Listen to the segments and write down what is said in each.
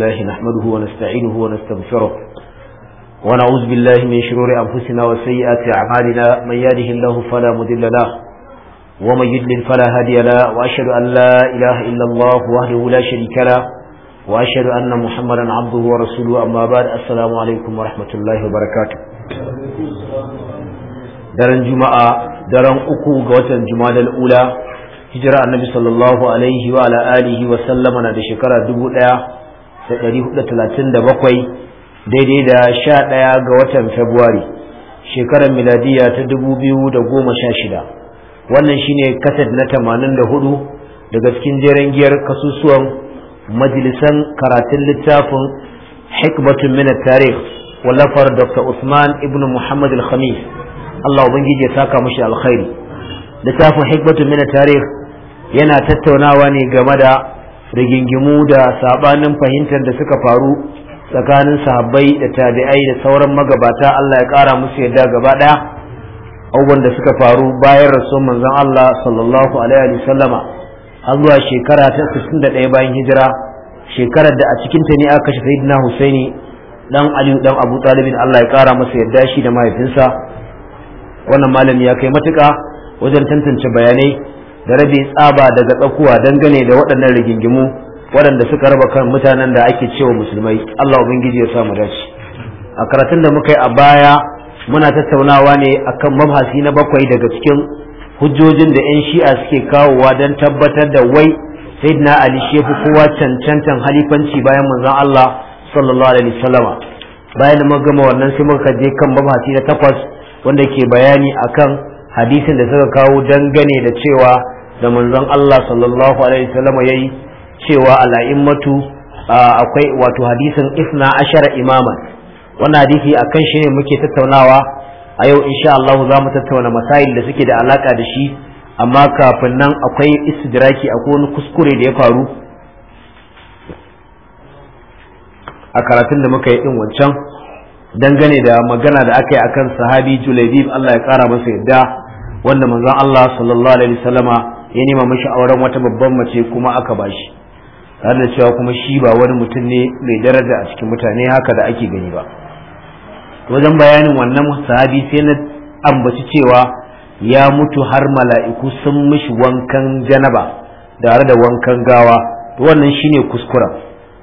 الله نحمده ونستعينه ونستغفره ونعوذ بالله من شرور أنفسنا وسيئات أعمالنا من يهده الله فلا مضل له ومن يضلل فلا هادي له وأشهد أن لا إله إلا الله وحده لا شريك له وأشهد أن محمدا عبده ورسوله أما بعد السلام عليكم ورحمة الله وبركاته daren juma'a daren uku ga watan juma'a ula hijira annabi sallallahu alaihi wa ala alihi wa sallama na da shekara dubu ɗaya da hudu talatin da bakwai daidai da sha ɗaya ga watan Fabrairu shekarar miladiya ta dubu biyu da goma sha shida wannan shine kasad na tamanin da hudu daga cikin jeren giyar kasusuwan majalisan karatun littafin hikmatun min tarikh wallafar dr usman ibn muhammad al-khamis allah ubangiji ya saka mashi alkhairi littafin hikmatun min tarih yana tattaunawa ne game da rigingimu da sabanin fahimtar da suka faru tsakanin sahabbai da tabi'ai da sauran magabata Allah ya kara musu yadda gaba daya abubuwan da suka faru bayan rasul manzon Allah sallallahu alaihi wa sallama har zuwa shekara ta 61 bayan hijira shekarar da a cikin ta ne aka kashe sayyidina Husaini dan Ali dan Abu Talib Allah ya kara masa yadda shi da mahaifinsa wannan malami ya kai matuka wajen tantance bayanai da rabe tsaba daga tsakuwa dangane da waɗannan rigingimu waɗanda suka raba kan mutanen da ake cewa musulmai Allah ubangiji ya samu dace a karatun da muka yi a baya muna tattaunawa ne akan mabhasi na bakwai daga cikin hujjojin da 'yan shi'a suke kawowa don tabbatar da wai sayyidina ali shi kowa cancantan halifanci bayan manzon Allah sallallahu alaihi wasallama bayan muka gama wannan sai muka je kan mabhasi na takwas wanda ke bayani akan hadisin da suka kawo dangane da cewa da manzon Allah sallallahu alaihi wasallam yayi cewa al'immatu akwai wato hadisin isna ashara imaman wannan hadisi akan shi ne muke tattaunawa a yau insha Allah za mu tattauna masail da suke da alaka da shi amma kafin nan akwai istidraki akwai wani kuskure da ya faru a karatun da muka yi din wancan dangane da magana da aka yi akan sahabi Julebib Allah ya kara masa yadda wanda manzon Allah sallallahu alaihi wasallama ya nema mashi auren wata babban mace kuma aka bashi har da cewa kuma shi ba wani mutum ne mai daraja a cikin mutane haka da ake gani ba wajen bayanin wannan sahabi sai na ambaci cewa ya mutu har mala'iku sun mishi wankan janaba tare da wankan gawa wannan shine kuskura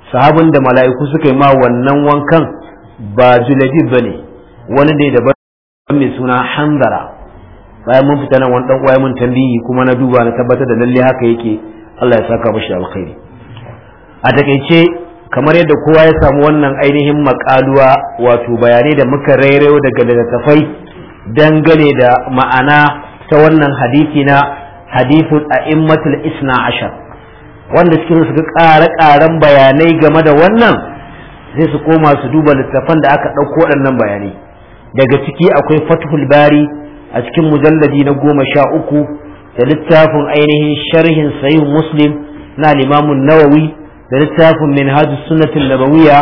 sahabin da mala'iku suka yi ma wannan wankan ba julabib bane wani da daban mai suna hanzara bayan mun fita nan wani dan uwa mun tambayi kuma na duba na tabbatar da lalle haka yake Allah ya saka mashi alkhairi a takeice kamar yadda kowa ya samu wannan ainihin makaluwa wato bayanai da muka rairayo daga littattafai dangane da ma'ana ta wannan hadisi na hadithul a'immatul isna ashar wanda cikin su ƙara ƙaran bayanai game da wannan sai su koma su duba littattafan da aka ɗauko waɗannan bayanai daga ciki akwai fathul bari a cikin mujalladi na goma sha uku da littafin ainihin sharhin sahih muslim na limamun nawawi da littafin minhaj sunnatul nabawiya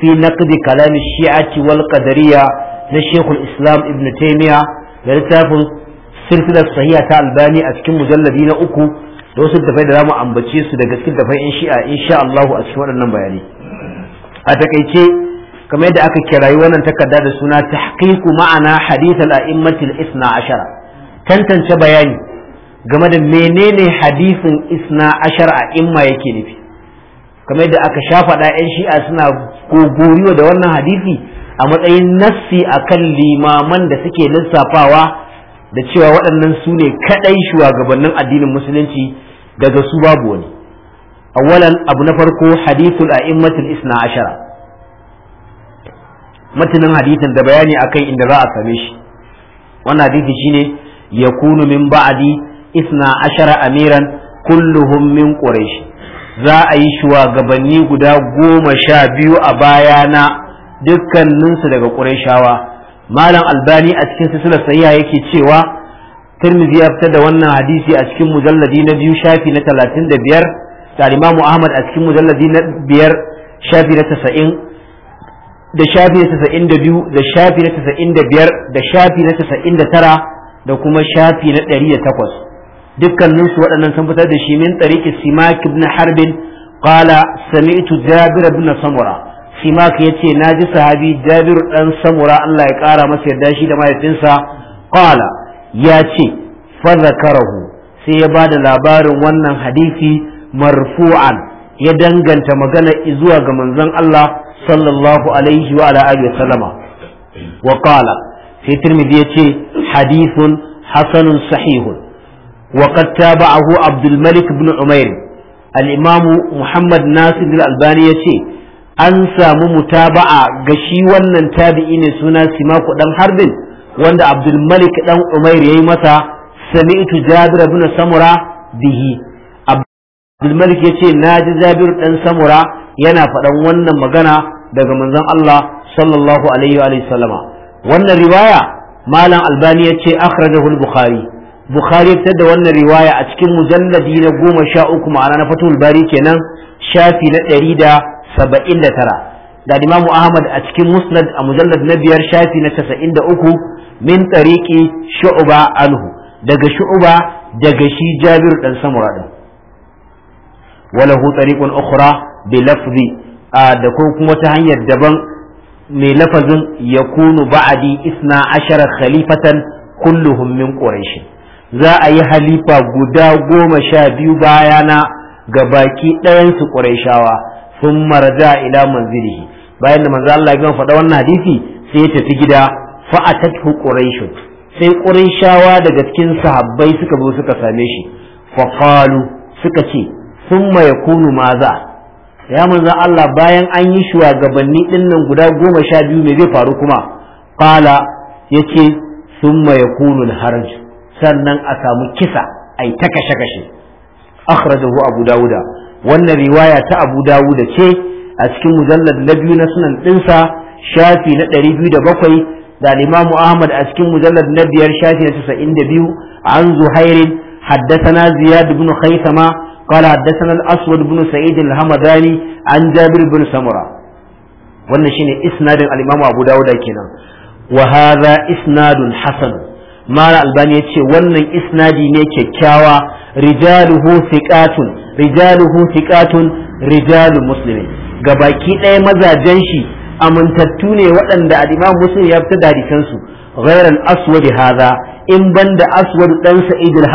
fi naqdi kalamin shi'ati wal qadariyya na shekul islam ibn taimiya da littafin silsilar sahiha ta albani a cikin mujalladi na uku da wasu dafai da zamu ambace su daga cikin dafai in shi'a insha Allah a cikin waɗannan bayanai a takaice kamar da aka kirayi wannan takarda da suna tahqiqu ma'ana hadisal al-a'immatil isna ashara tantance bayani game da menene hadisin isna ashara a'imma yake nufi kamar da aka shafaɗa da yan shi'a suna gogoriwa da wannan hadisi a matsayin nassi kan limaman da suke lissafawa da cewa waɗannan sune kaɗai shugabannin addinin musulunci daga su babu wani awwalan abu na farko hadisul a'immatul isna ashara matanin hadisin da bayani akan inda za a same shi wannan hadisi shine yakunu min ba'di isna ashara amiran kulluhum min quraish za a yi shugabanni guda goma sha biyu a bayana dukkaninsu daga ƙurashawa. malam albani a cikin sisila sahiha yake cewa tirmizi ya fitar da wannan hadisi a cikin mujalladi na biyu shafi na talatin da biyar da ahmad a cikin mujalladi na biyar shafi na tasa'in da shafi na tasa'in da biyu da shafi na tasa'in da biyar da shafi na tasa'in da tara da kuma shafi na ɗari da takwas dukkaninsu waɗannan sun fitar da shi min tsariki simak ibn harbin qala sami'tu jabir ibn samura simak na ji sahabi jabir ɗan samura Allah ya ƙara masa yarda shi da mahaifinsa qala ya ce fa rahu. sai ya bada labarin wannan hadisi marfu'an ya danganta magana zuwa ga manzon Allah صلى الله عليه وعلى آله وسلم وقال في ترمذي حديث حسن صحيح وقد تابعه عبد الملك بن عمير الإمام محمد ناصر الألباني an samu mutaba'a ga shi wannan tabi'i ne suna Simaku dan Harbin wanda Abdul Malik dan Umair yayi masa sami'tu Jabir bin Samura bihi Abdulmalik ya ce na ji Jabiru ɗan Samura yana faɗan wannan magana daga manzon Allah sallallahu alaihi wa sallama wannan riwaya malam Albani ya ce akhrajahu al-Bukhari Bukhari ya fitar da wannan riwaya a cikin mujalladi na goma sha uku ma'ana na Fathul Bari kenan shafi na ɗari da saba'in da tara da Imamu Ahmad a cikin Musnad a mujallad na biyar shafi na casa'in da uku min tariƙi shu'uba anhu daga shu'uba daga shi Jabiru ɗan Samura ɗin. walahu tariqun ukhra bi lafzi da kuma ta hanyar daban mai lafazin kunu ba'adi isna ashara khalifatan kulluhummin min za a yi halifa guda goma sha biyu bayana ga baki ɗayansu qurayshawa sun marja ila manzilihi bayan da manzo Allah ya faɗa wannan hadisi sai ya tafi gida fa atatu quraish sai qurayshawa daga cikin sahabbai suka zo suka same shi fa qalu suka ce maye yakunu maza ya manzon Allah bayan an yi shugabanni din nan guda goma sha biyu me zai faru kuma qala yace summa yakunu al-harj sannan a samu kisa ai ta kashe kashe akhrajahu abu dauda wannan riwaya ta abu dauda ce a cikin mujallad na biyu na sunan dinsa shafi na 207 da imamu ahmad a cikin mujallad na biyar shafi na 92 an zuhairin حدثنا زياد بن خيثمة قال حدثنا الاسود بن سعيد الهمداني عن جابر بن سمره wannan shine isnadin al-Imam Abu Dawud kenan wa hadha Hassan hasan mala albani yace wannan isnadi ne kyakkyawa rijaluhu thiqatun rijaluhu thiqatun rijalu muslimin ɗaya mazajen shi amintattu ne waɗanda al-Imam ya fita dadikan su ghayran aswad hadha in banda aswad ɗan Sa'id al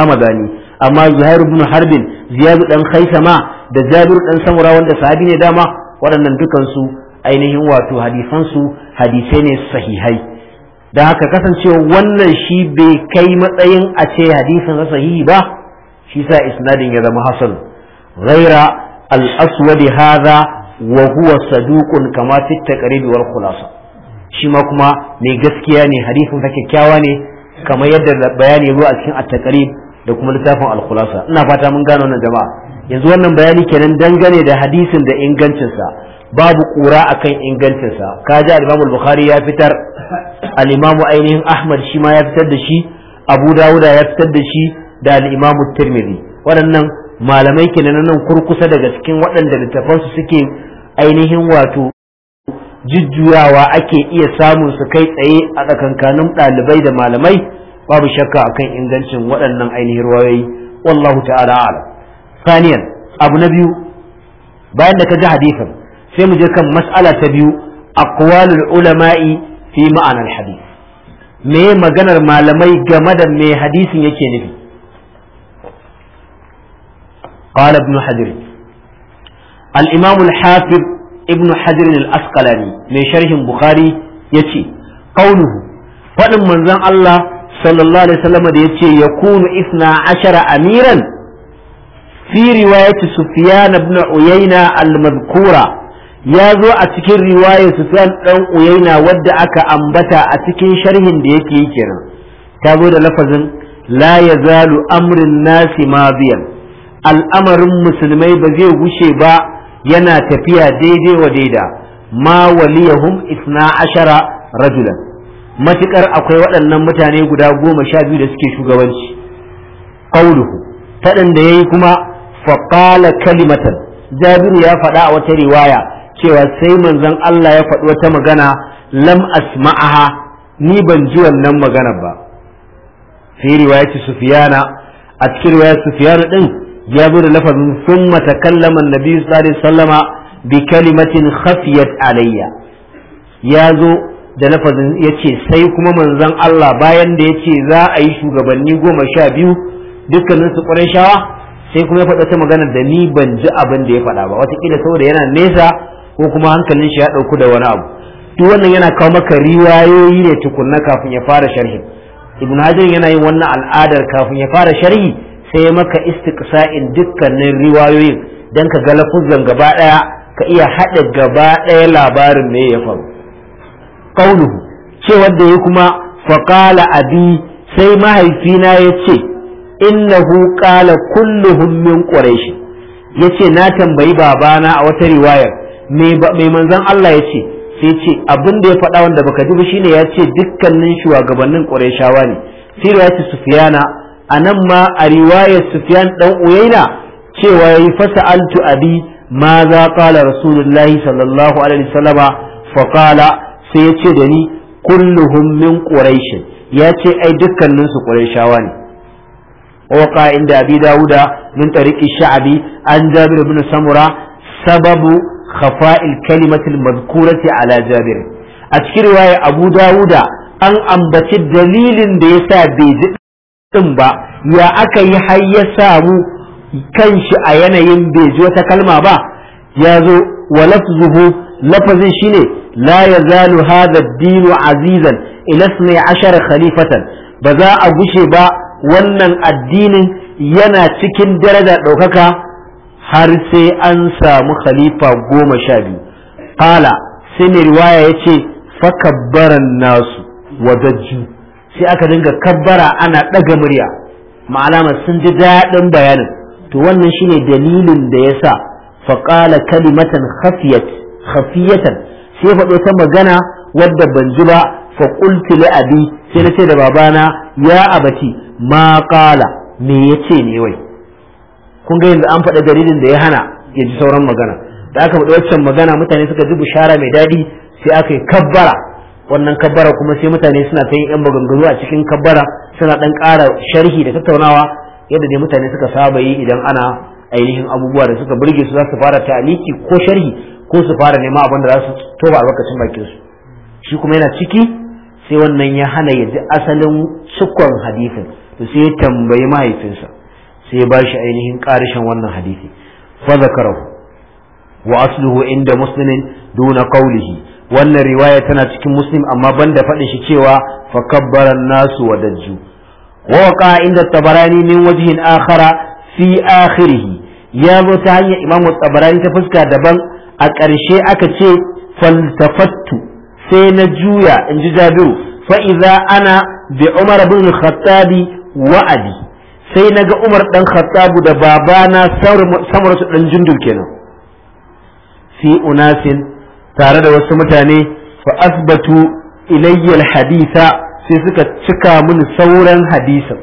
amma zuhair ibn harbin ziyad dan khaisama da jabir dan samura wanda sahabi ne dama waɗannan dukan su ainihin wato hadisan su hadisai ne sahihai da haka kasancewa wannan shi bai kai matsayin a ce hadisin sahihi ba shi sa isnadin ya zama hasan ghaira al-aswad hadha wa huwa saduqun kama fi taqrib wal khulasa shi ma kuma mai gaskiya ne hadisin sa kyakkyawa ne kamar yadda bayani ya zo a cikin at-taqrib da kuma littafin al ina fata mun gane wannan jama'a yanzu wannan bayani kenan dangane da hadisin da ingancinsa babu kura akan ingancinsa kaji al-imam al-bukhari ya fitar al-imam ainihin ahmad shi ma ya fitar da shi abu dawuda ya fitar da shi da al-imam tirmidhi waɗannan malamai kenan nan kurkusa daga cikin waɗanda su suke ainihin wato jujjuyawa ake iya samun su kai tsaye a tsakankanin ɗalibai da malamai babu shakka akan ingancin waɗannan ainihin ruwayoyi wallahu ta'ala ala. saniyan abu na biyu bayan da ka ji hadisin sai mu je kan mas'ala ta biyu aqwalul ulama'i fi ma'anar hadis me maganar malamai game da me hadisin yake nufi al ابن حجر الإمام الحافظ ابن حجر الأسقلاني من شرح البخاري يتي قوله faɗin من Allah. sallallahu alaihi wasallam da yace yakunu isna ashara amiran fi riwayati sufyan ibn uyayna al-madhkura ya zo a cikin riwayar sufyan dan uyayna wadda aka ambata a cikin sharhin da yake yi kenan ta zo da lafazin la yazalu amrin nasi madiyan al'amarin musulmai ba zai gushe ba yana tafiya daidai wa daida ma waliyahum isna ashara rajulan matukar akwai waɗannan mutane guda goma sha biyu da suke shugabanci ƙauluhu taɗin da ya yi kuma faƙala kalimatan jabiru ya faɗa a wata riwaya cewa sai manzon Allah ya faɗi wata magana lam asma'aha ni ban ji wannan magana ba fi ce sufiyana a cikin riwaya sufiyana din jabiru lafazin sun takallama annabi sallallahu alaihi wasallama bi kalimatin khafiyat alayya ya zo da lafazin ya ce sai kuma manzon Allah bayan da ya ce za a yi shugabanni goma sha biyu dukkanin su shawa sai kuma ya faɗa ta magana da ni ban ji abin da ya faɗa ba wataƙila saboda yana nesa ko kuma hankalin shi ya ɗauku da wani abu duk wannan yana kawo maka riwayoyi ne tukunna kafin ya fara sharhi ibn hajar yana yin wannan al'adar kafin ya fara sharhi sai ya maka istiqsa'in dukkanin riwayoyin dan ka ga lafuzan gaba ɗaya ka iya haɗa gaba ɗaya labarin me ya faru qawluhu ce da ya kuma Faƙala abi sai mahaifina ya ce innahu qala kulluhum min quraish yace na tambayi babana a wata riwayar mai manzon Allah ya ce sai ce abin da ya faɗa wanda baka ji ba shine ya ce dukkanin shugabannin qurayshawa ne sai Sufiyana a nan ma a riwayar Sufiyan dan uyaina cewa yayi altu abi ma za qala rasulullahi sallallahu alaihi wasallama fa qala sai ya ce da ni kulluhum min ya ce ai dukkanin su quraishawa ne waka inda abi dauda min tariqi sha'bi an jabir ibn samura sababu khafa'il kalimatil madhkurati ala jabir a cikin riwaya abu dauda an ambaci dalilin da ya sa bai ji din ba ya aka yi har ya samu shi a yanayin bai ji wata kalma ba ya zo wa lafazin shine la yazalu hadha ad-din azizan ila 12 khalifatan ba za a gushe ba wannan addinin yana cikin daraja ɗaukaka har sai an samu khalifa goma sha biyu kala sai mai riwaya ya ce fakabbaran nasu wadajju sai aka dinga kabbara ana ɗaga murya ma'alama sun ji daɗin bayanin to wannan shine dalilin da ya sa faƙala kalimatan khafiyatan sai faɗo ta magana wadda ban ji ba fa qultu li abi sai na ce da babana ya abati ma qala me yace ne wai kun ga yanzu an faɗa dalilin da ya hana ya ji sauran magana da aka faɗi waccan magana mutane suka ji bushara mai daɗi sai aka yi kabbara wannan kabbara kuma sai mutane suna ta yin yan maganganu a cikin kabbara suna ɗan ƙara sharhi da tattaunawa yadda dai mutane suka saba yi idan ana ainihin abubuwa da suka burge su za su fara ta'aliki ko sharhi ko su fara nema abin da za su toba albarkacin bakin su shi kuma yana ciki sai wannan ya hana ya ji asalin cikon hadisin to sai ya tambayi mahaifinsa sai ya ba shi ainihin karishin wannan hadisi fa zakarahu wa asluhu inda muslimin duna qawlihi wannan riwaya tana cikin muslim amma banda faɗin shi cewa fa kabbara nasu wa dajju wa waqa inda tabarani min wajhin akhara fi akhirih ya zo ta hanyar imam tabarani ta fuska daban a ƙarshe aka ce faltafattu sai na juya in ji jabiru fa'iza ana bi umar bin khattabi wa'adi sai na ga umar ɗan khattabu da babana samar su ɗan jundul kenan fi unasin tare da wasu mutane fa asbatu ilayyal haditha sai suka cika mun sauran hadisan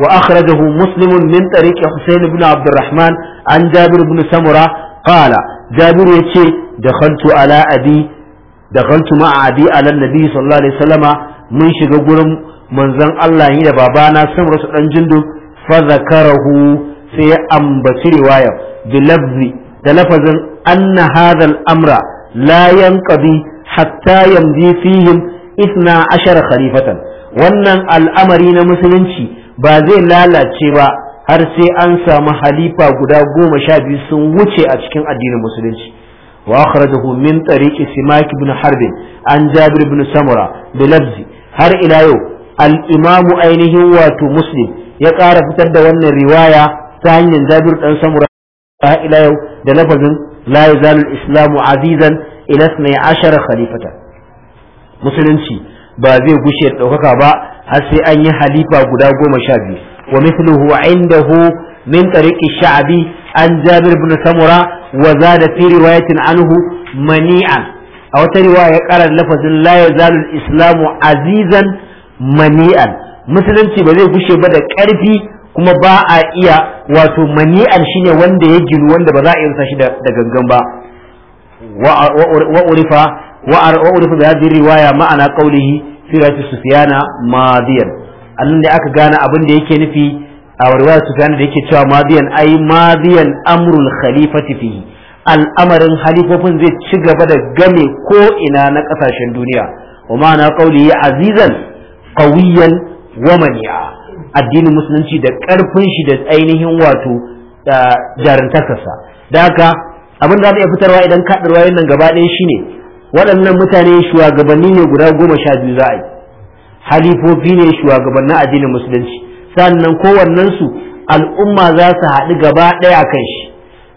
wa akhrajahu muslimun min tariqi husayn ibn abdurrahman an jabir ibn samura qala jabir yace dakhaltu ala abi dakhaltu ma'a abi ala nabi sallallahu alaihi wasallama mun shiga gurin manzon Allah ni da babana samra su dan jindu fa zakarahu sai ya ambaci riwaya bilabzi da lafazin anna amra layan yanqadi hatta yamdi fihim ithna ashara khalifatan wannan al'amari na musulunci ba zai lalace ba har sai an samu halifa guda goma sha biyu sun wuce a cikin addinin musulunci wa akhrajahu min tariq simak ibn harb an jabir ibn samura da lafzi har ila yau al imamu ainihin wato muslim ya ƙara fitar da wannan riwaya ta hanyar jabir dan samura har ila yau da lafazin la al islamu azizan ila 12 khalifata musulunci ba zai gushe ɗaukaka ba har sai an yi halifa guda goma sha biyu ومثله عنده من طريق الشعبي عن جابر بن سمرة وزاد في رواية عنه منيعا أو رواية قال اللفظ لا يزال الإسلام عزيزا منيعا musulunci ba zai gushe ba da ƙarfi kuma ba a iya wato mani'an shine wanda ya ginu wanda ba za a iya shi da gangan ba wa urifa wa urifa da riwaya ma'ana qaulihi fi rati sufyana madiyan annan ne aka gane abin da yake nufi a warwaya su gane da yake cewa maziyan ai Maziyan amrul khalifati fihi al'amarin halifofin zai ci gaba da game ko ina na kasashen duniya wa ma'ana qawli ya azizan qawiyan wa mani'a addinin musulunci da karfin shi da ainihin wato jarintakarsa da haka abin da za iya fitarwa idan yin nan gaba ɗaya shine waɗannan mutane shugabanni ne guda goma sha biyu za a yi halifofi ne shugabannin addinin musulunci sannan kowannen su al'umma za su haɗu gaba ɗaya kan shi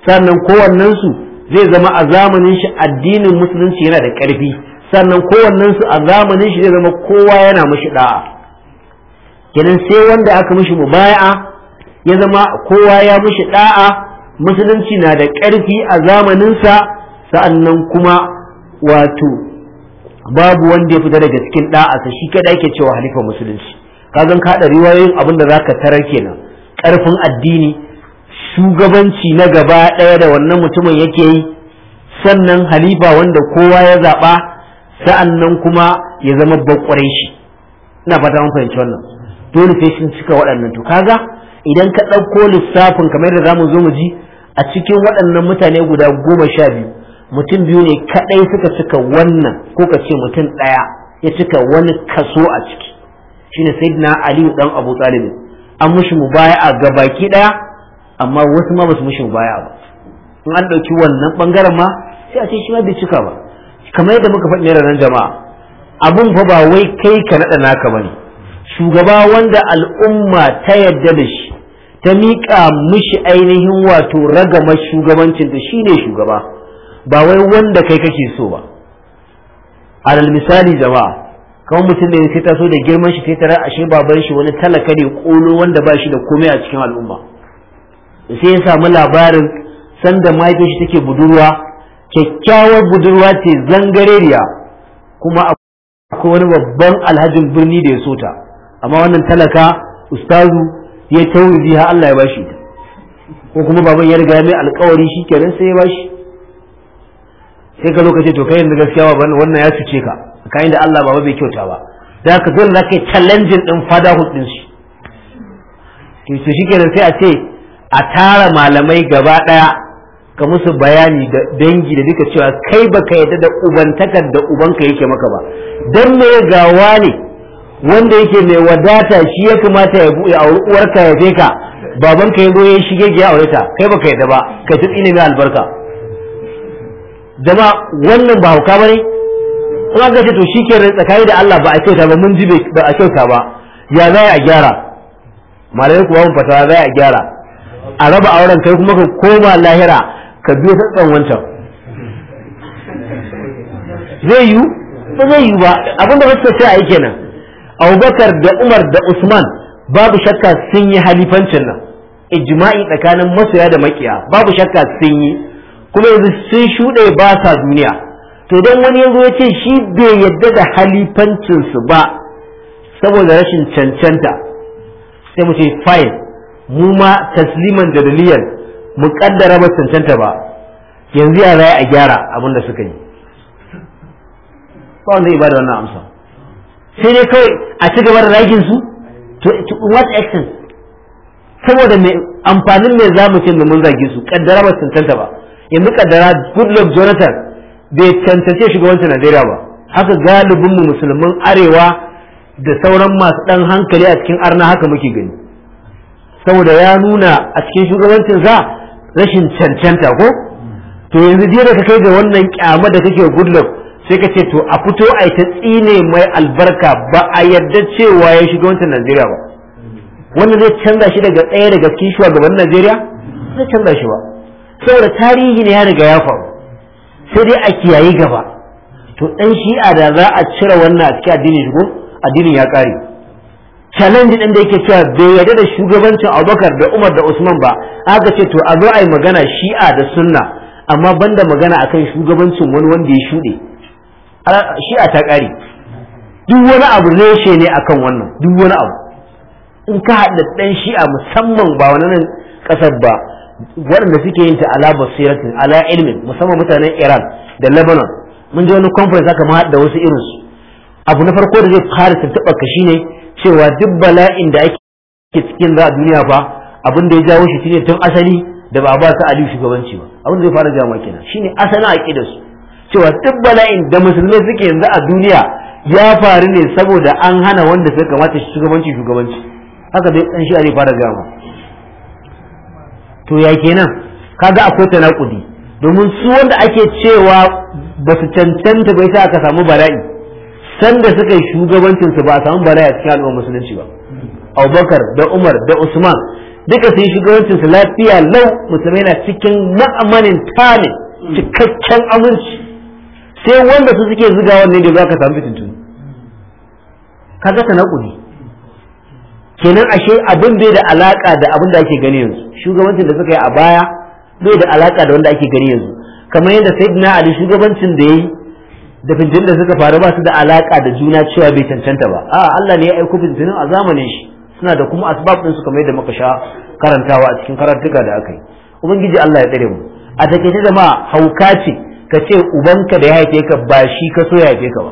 sannan kowannen su zai zama a zamanin shi addinin musulunci yana da ƙarfi sannan kowannen su a zamanin shi zai zama kowa yana mushi da'a kenan sai wanda aka mushi mubaya'a ya zama kowa ya mushi ɗa'a musulunci na da ƙarfi a zamaninsa sa'annan kuma wato babu wanda ya fita daga cikin da'asa shi kada yake cewa halifa musulunci kagan ka da riwayoyin abin da zaka tarar kenan karfin addini shugabanci na gaba ɗaya da wannan mutumin yake yi sannan halifa wanda kowa ya zaba sa'annan kuma ya zama bakwarai shi ina fata mun fahimci wannan dole sai sun cika waɗannan to kaga idan ka ɗauko lissafin kamar da zamu zo mu ji a cikin waɗannan mutane guda goma sha biyu mutum biyu ne kaɗai suka cika wannan ko ka ce mutum ɗaya ya cika wani kaso a ciki Shi sai na Aliyu dan abu tsalibin an mushi mu baya ga baki daya amma wasu ma basu mushi mu baya ba in an ɗauki wannan ɓangaren ma sai a ce shi ma bai cika ba kamar yadda muka faɗi nan jama'a abun fa ba wai kai ka naɗa naka bane shugaba wanda al'umma ta yarda da shi ta miƙa mishi ainihin wato ragamar shugabancin da shine shugaba ba wai wanda kai kake so ba alal misali jama'a kamar mutum da ya taso da girman shi tara ashe baban shi wani talaka ne kolo wanda ba shi da komai a cikin al'umma sai ya samu labarin sanda mahaifin shi take budurwa kyakkyawar budurwa ce zangareriya kuma akwai wani babban alhajin birni da ya so ta amma wannan talaka ustazu ya tauri har Allah ya bashi ta ko kuma baban ya riga mai alkawari shikenan sai ya bashi sai ka zo ka to kai yanzu gaskiya ba wannan ya cuce ka kayan da Allah ba bai kyauta ba da ka zo na kai challenging din fatherhood din su to to sai a ce a tara malamai gaba daya ka musu bayani da dangi da duka cewa kai baka yadda da ubantakar da ubanka yake maka ba dan me gawa ne wanda yake mai wadata shi ya kamata ya buɗe auri uwarka ya ka babanka ya zo ya shige ya aure ta kai baka yadda ba kai tun tsine mai albarka jama'a wannan ba hauka bane Kuma ga ce to shikenan tsakani da Allah ba a kyauta ba mun ji ba a kyauta ba ya za a gyara malamai kuma mun fata za a gyara a raba auren kai kuma ka koma lahira ka biyo ta tsan wancan zai yiwu ba zai yiwu ba abinda ba su ce a yi kenan abubakar da umar da usman babu shakka sun yi halifancin nan ijma'i tsakanin masoya da makiya babu shakka sun yi kuma yanzu sun shuɗe ba sa duniya to don wani yanzu ya ce shi bai yadda da halifancinsu ba saboda rashin cancanta sai mu ce fine mu ma tasliman da daliyan mu kaddara ba cancanta ba yanzu ya zai a gyara abin da suka yi ba wanda ibada wannan amsa sai dai kawai a ci gaba da ragin su to what action saboda mai amfanin mai zamu ce mun zage su kaddara ba cancanta ba yanzu kaddara goodluck jonathan bai cancace wancan najeriya ba haka galibin mu musulman arewa da sauran masu dan hankali a cikin arna haka muke gani saboda ya nuna a cikin shugabancin sa rashin cancanta ko to yanzu jiya da ka kai da wannan kyama da kake goodluck sai ka ce to a fito a ta tsine mai albarka ba a yarda cewa ya shiga wancan najeriya ba Wannan zai canza shi daga ɗaya daga cikin shugaban najeriya zai canza shi ba saboda tarihi ne ya riga ya faru sai dai a kiyaye gaba to ɗan shi'a da za a cire wannan a cikin addinin shigo addinin ya ƙare challenge ɗin da yake cewa bai yarda da shugabancin abubakar da umar da usman ba aka ce to a zo a yi magana shi'a da sunna amma banda magana akan shugabancin wani wanda ya shuɗe shi'a ta kare duk wani abu ne reshe ne akan wannan duk wani abu in ka haɗa ɗan shi'a musamman ba wani nan ƙasar ba waɗanda suke yin ta'ala basiratin ala ilmin musamman mutanen Iran da Lebanon mun ji wani conference aka ma da wasu irinsu abu na farko da zai fara tattaɓa ka shine cewa duk bala'in da ake cikin za a duniya fa abin da ya jawo shi shine tun asali da ba a ba su aliyu shugabanci ba abin da zai fara jama'a kenan shine asalin aqidar su cewa duk bala'in da musulmai suke yanzu a duniya ya faru ne saboda an hana wanda suka kamata shugabanci shugabanci haka dai dan shi a fara gama to ya kenan kaga akwai tanakudi domin su wanda ake cewa ba su cancanta ba sa aka samu bala'i sanda suka yi shugabancin su ba a samu bala'i a cikin al'ummar musulunci ba Abubakar da Umar da Usman duka su yi shugabancin su lafiya lau musulmai na cikin ma'amanin tamin cikakken aminci sai wanda su suke zuga wannan da za ka samu fitintu kaga tanakudi kenan ashe abin bai da alaka da abin da ake gani yanzu shugabancin da suka yi a baya bai da alaka da wanda ake gani yanzu kamar yadda sayyidina ali shugabancin da yayi da fintin da suka faru ba su da alaka da juna cewa bai cancanta ba a Allah ne ya aiko fintinin a zamanin shi suna da kuma asbab din su kamar yadda muka sha karantawa a cikin karantuka da aka yi ubangiji Allah ya tsare mu a take ta jama'a hauka ce ka ce ubanka da ya haife ka ba shi ka so ya haife ka ba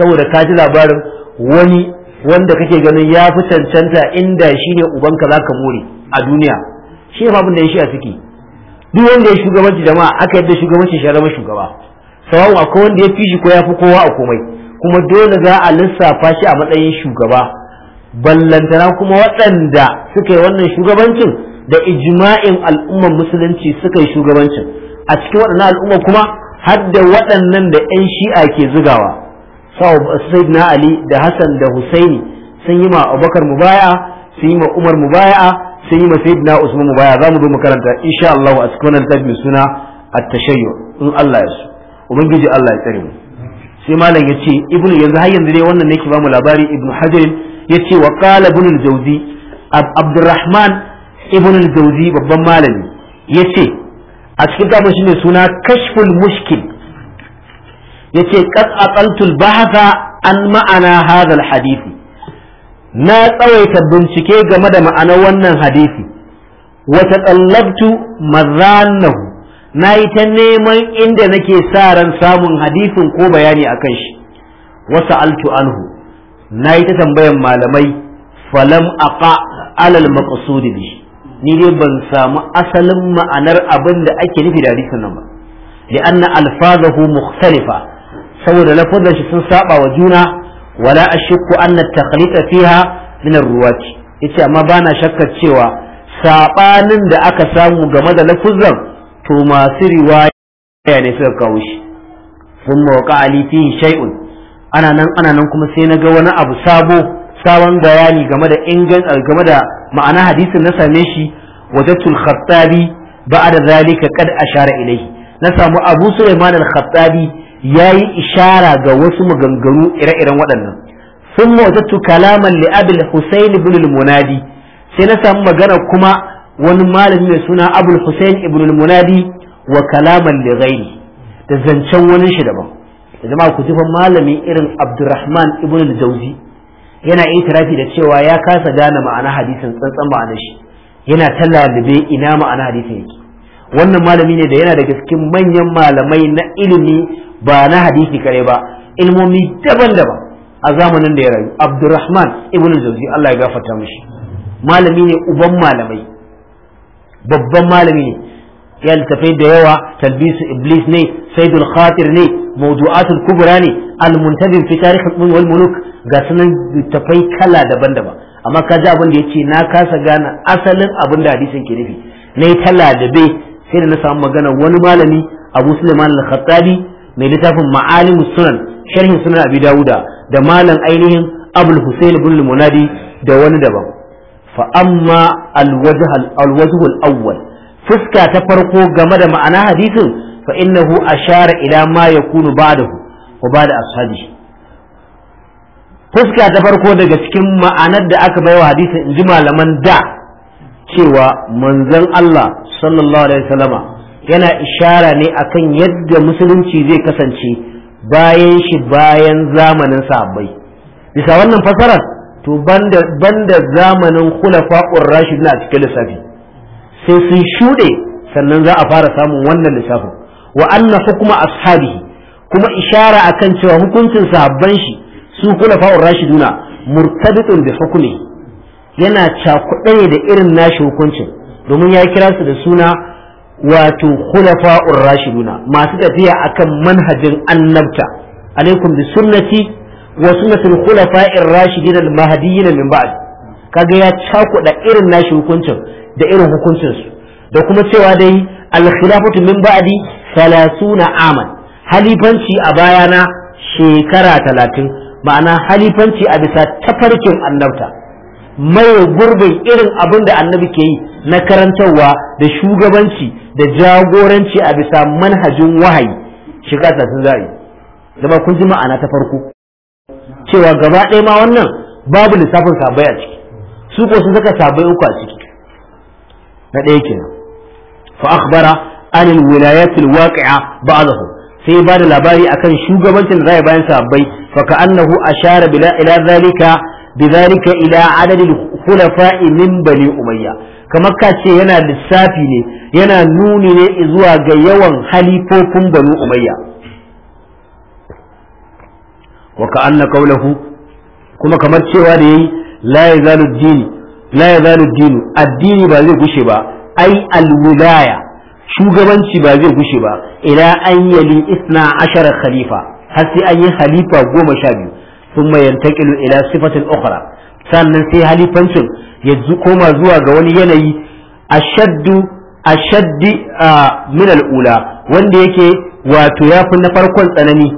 saboda ka ji labarin wani wanda kake ganin ya fi cancanta inda shi ne ubanka za ka more a duniya shi ya da ya shi a ciki duk wanda ya shugabanci jama'a aka yadda shugabanci shi zama shugaba sawan akwai wanda ya fi shi ko ya fi kowa a komai kuma dole za a lissafa shi a matsayin shugaba ballantana kuma waɗanda suka yi wannan shugabancin da ijma'in al'ummar musulunci suka yi shugabancin a cikin waɗannan al'umma kuma har da waɗannan da 'yan shi'a ke zugawa sayyidina ali da Hassan, da husaini sun yi ma abubakar mubaya umar mubaya sun yi ma sayyidina usman mubaya za mu zo makaranta insha Allah a cikin wannan littafi suna at-tashayyu in Allah ya so ubangiji Allah ya tsare mu sai malam yace ibnu yanzu har yanzu dai wannan ne ke ba mu labari ibnu hajar yace wa qala abdurrahman ibnu babban malami a cikin gaban shine suna kashful mushkil yace qad aqaltul bahtha an ma'ana hadha hadisi na tsawaita bincike game da ma'anar wannan hadisi wa tatallabtu mazannahu na yi ta neman inda nake sa ran samun hadisin ko bayani akan shi wasu altu anhu na yi ta tambayan malamai falam aqa alal maqsudi bi ni dai ban samu asalin ma'anar abin da ake nufi da hadisin nan ba li'anna alfazahu mukhtalifa saboda lafazan shi sun saba wa juna wala ashku anna takhlita fiha min ruwa ce. yace amma bana shakkar cewa sabanin da aka samu game da lafazan to masu riwaya ne suka kawo shi thumma waqa ali fihi shay'un ana nan ana nan kuma sai na ga wani abu sabo sabon bayani game da ingan game da ma'ana hadisin na same shi wajatul khattabi ba'da zalika kad ashara ilayhi na samu abu sulaiman al-khattabi ya yi ishara ga wasu maganganu ire-iren waɗannan sun mawajattu kalaman li abil ibn munadi sai na samu magana kuma wani malami mai suna abul husain ibn munadi wa kalaman li ghairi da zancen wani shi daban da jama'a ku fa malami irin abdurrahman ibn jauzi yana itirafi da cewa ya kasa gane ma'ana hadisin tsantsan ma'anar shi yana ta ina ma'ana hadisin yake wannan malami ne da yana daga cikin manyan malamai na ilimi ba na hadisi kare ba ilmomi daban-daban a zamanin da ya rayu abdurrahman ibn jauzi Allah ya gafarta mishi malami ne uban malamai babban malami ne ya littafai da yawa talbisu iblis ne saidul khatir ne mawdu'atul kubra ne al-muntabin fi tarikh wal muluk ga sunan littafai kala daban-daban amma ka ji abin da ya ce na kasa gane asalin abin da hadisin ke nufi na yi talla da bai sai da na samu magana wani malami abu suleiman al-khattabi mai littafin ma'alimu sunan sharhin sunan abi dawuda da malam ainihin abul husayn ibn munadi da wani daban fa amma alwajh al-awwal fuska ta farko game da ma'ana hadisin fa innahu ashara ila ma yakunu ba'dahu wa ba'da ashabi fuska ta farko daga cikin ma'anar da aka baiwa hadisin inji malaman da cewa manzon Allah sallallahu alaihi wasallama yana ishara ne akan yadda musulunci zai kasance bayan shi bayan zamanin sahabbai bisa wannan fasarar to banda banda zamanin khulafa'ur rashidun a cikin lissafi sai sun shuɗe sannan za a fara samun wannan lissafin wa anna hukuma ashabihi kuma ishara akan cewa hukuncin sahabban shi su khulafa'ur rashiduna murtabitun da hukmi yana ne da irin nashi hukuncin domin ya kira su da suna wato khulafa'ur rashiduna masu tafiya akan manhajin annabta alaikum bi sunnati wa sunnatul khulafa'ir rashidina al mahdiyina min ba'd kaga ya da irin nashi hukuncin da irin hukuncin su da kuma cewa dai al khilafatu min ba'di 30 aman halifanci a bayana shekara 30 ma'ana halifanci a bisa tafarkin annabta mai gurbin irin abin da annabi ke yi na karantarwa da shugabanci da jagoranci a bisa manhajin wahayi shiga sun za'i zama kun ji ma'ana ta farko cewa gaba ɗaya ma wannan babu lissafin sabai a ciki su ko sun saka sabai uku a ciki na ɗaya kenan fa akhbara an alwilayat waqi'a ba'dahu sai ba da labari akan shugabancin da zai bayan sabai fa ka'annahu ashara bila ila zalika bizalika ila adadil khulafa min bani umayya kamar ka ce yana lissafi ne yana nuni ne zuwa ga yawan halifofin bani umayya wa ka anna kuma kamar cewa da yayi la yazalu din la addini ba zai gushe ba ai alwilaya shugabanci ba zai gushe ba ila an isna 12 khalifa har sai an yi khalifa biyu. thumma yantaqilu ila sifatin okra sannan sai halifancin ya koma zuwa ga wani yanayi ashaddu ashaddi min al-ula wanda yake wato ya fi na farkon tsanani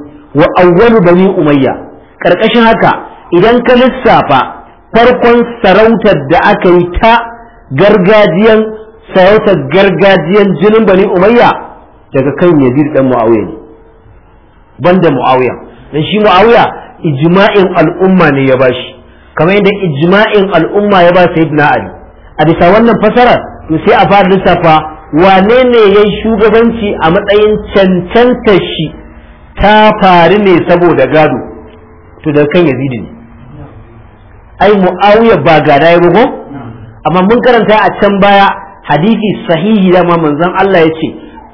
wa awwalu bani umayya karkashin haka idan ka lissafa farkon sarautar da aka yi ta gargajiyan sarautar gargajiyan jinin bani umayya daga kan yazid dan muawiya ne banda muawiya dan shi muawiya ijma'in al'umma ne ya ba shi? kamar yadda ijma'in al'umma ya ba sayyidina ali a bisa wannan fasara to sai a fara lissafa wane ne ya shugabanci a matsayin cancanta shi ta faru ne saboda gado to da kan yazidi ne ai mu'awiya ba gada ya bugo amma mun karanta a can baya hadisi sahihi da manzon Allah ya ce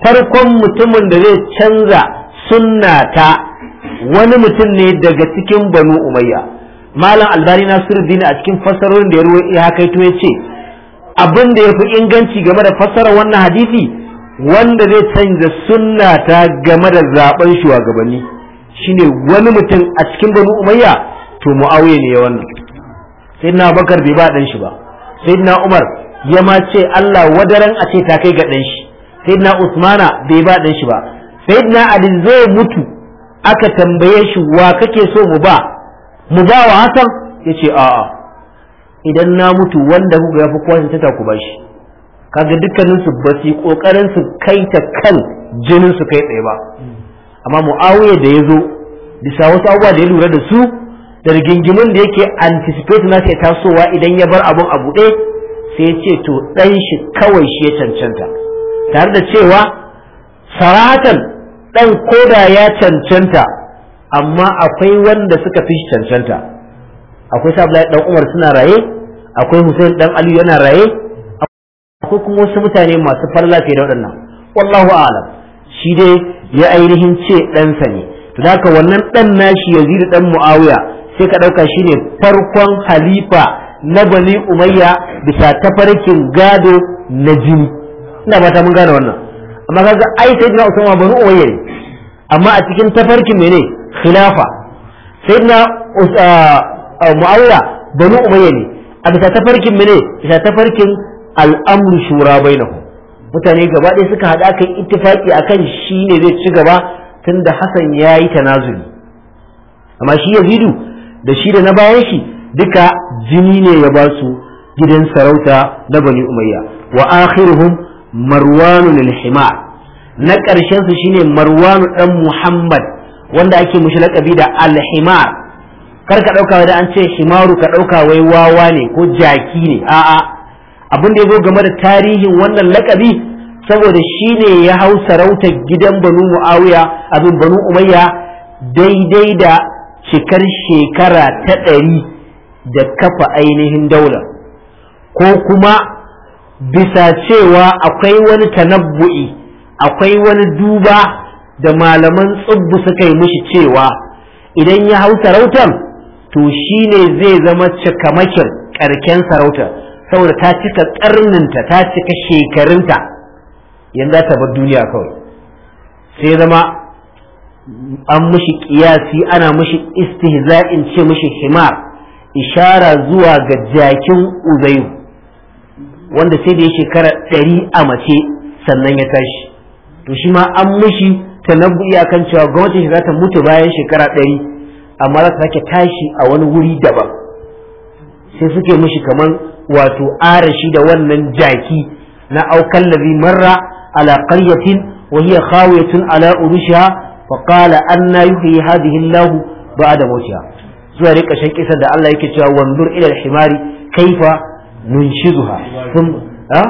farkon mutumin da zai canza sunnata ta wani mutum ne daga cikin banu umayya malam albani nasiruddin a cikin fassarorin da ya ruwa ya kai ya ce, abin da fi inganci game da fassarar wannan hadisi wanda zai canza sunna ta game da zaben shugabanni shine wani mutum a cikin banu umayya to muawiya ne wannan na bakar bai ba dan shi ba na umar ya ma ce Allah wadaran a ce ta kai ga dan shi na usmana bai ba dan shi ba sayyidina ali zai mutu aka tambaye shi wa kake so mu ba mu ba wa Hassan ya ce a'a idan na mutu wanda kuka yafi kwashe tata ku shi kaga dukkanin su ba su kokarin su kai ta kan jinin su kai tsaye ba amma Muawiya da yazo bisa wasu abubuwa da ya lura da su da rigingimin da yake anticipate na sai tasowa idan ya bar abun a buɗe sai ya ce to ɗan shi kawai shi ya cancanta tare da cewa saratan ɗan koda ya cancanta amma akwai wanda suka fi cancanta akwai sa ɗan dan Umar suna raye akwai Hussein ɗan Aliyu yana raye akwai kuma wasu mutane masu farla fiye da waɗannan wallahu a'lam shi dai ya ainihin ce ɗansa ne to haka wannan ɗan nashi Yazid dan Muawiya sai ka ɗauka ne farkon halifa na Bani Umayya bisa tafarkin gado na jini ina ba ta mun gane wannan amma kaga ai sai na usman banu umayya ne amma a cikin tafarkin mene khilafa sai na muawiya banu umayya ne a bisa tafarkin mene bisa tafarkin al'amru shura bainahu mutane gaba ɗaya suka haɗa kan ittifaki akan shi ne zai ci gaba tunda Hassan ya yi tanazuli amma shi yazidu da shi da na bayan shi duka jini ne ya ba su gidan sarauta na bani umayya wa akhiruhum marwanu al-hima na karshen su shine marwanu ɗan muhammad wanda ake mushi lakabi da al kar ka dauka da an ce himaru ka ɗauka wai wawa ne ko jaki ne a'a abin da zo game da tarihin wannan laƙabi saboda shine ya hau sarautar gidan banu muawiya abin banu umayya daidai da cikar shekara ta ɗari da kafa ainihin daular ko kuma bisa cewa akwai wani tanabbu'i akwai wani duba da malaman tsubbu suka yi mishi cewa idan ya hau sarautar to shi ne zai zama cikamakin karken sarautar saboda ta cika karninta ta cika shekarunta yanzu ta bar duniya kawai sai zama an mushi kiyasi ana mushi istihza'in ce mushi himar ishara zuwa ga jakin uzayu wanda sai da ya shekara ɗari a mace sannan ya tashi to shi ma an mushi tanabbu'i kan cewa gwamnati shi za ta mutu bayan shekara ɗari amma za ta sake tashi a wani wuri daban sai suke mushi kamar wato arashi da wannan jaki na aukan lazi marra ala qaryatin wa hiya khawiyatun ala urushiha fa qala anna yuhyi hadhihi Allah ba'da mawtiha zuwa rika shan kisan da Allah yake cewa wandur ila al-himari kaifa ننشدها ثم ها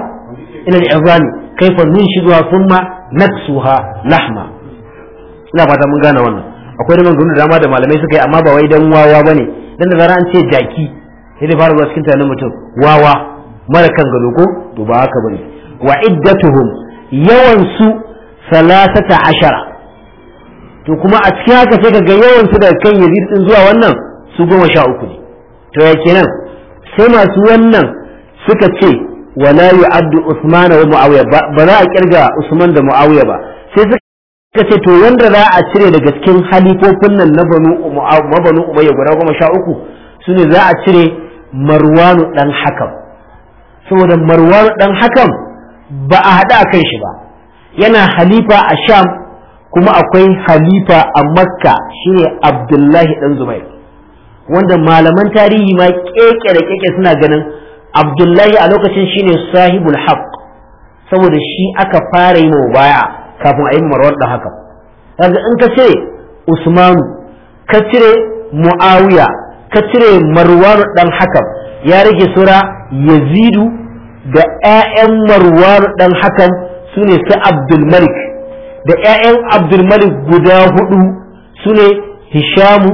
الى العظام كيف ننشدها ثم نكسوها لحما لا بعد من gane wannan akwai da da dama da malamai suka yi amma ba wai dan wawa bane dan da zara an ce jaki sai da fara zuwa cikin tunanin mutum wawa mara kan gado ko to ba haka bane wa iddatuhum yawan su salasata ashara to kuma a cikin haka sai kaga yawan su daga kan yazid din zuwa wannan su goma sha uku ne to ya kenan sai masu wannan suka ce la yu'addu Usman wa Muawiya ba za a kirga Usman da Muawiya ba sai suka ce to wanda za a cire daga cikin halifofin nan na Banu Umayya Banu Umayya guda goma sha uku sune za a cire Marwan dan Hakam saboda Marwan dan Hakam ba a hada a kan shi ba yana halifa a Sham kuma akwai halifa a Makka shine Abdullahi dan Zubair wanda malaman tarihi ma keke da keke suna ganin abdullahi a lokacin shine sahibul haqq saboda shi aka fara yi baya kafin a yi marwar da haka kaga in ka ce usmanu ka cire muawiya ka cire marwanu dan hakan ya rage sura yazidu da 'ya'yan marwanu dan hakan su ne su abdul malik da 'ya'yan abdul malik guda hudu su ne hishamu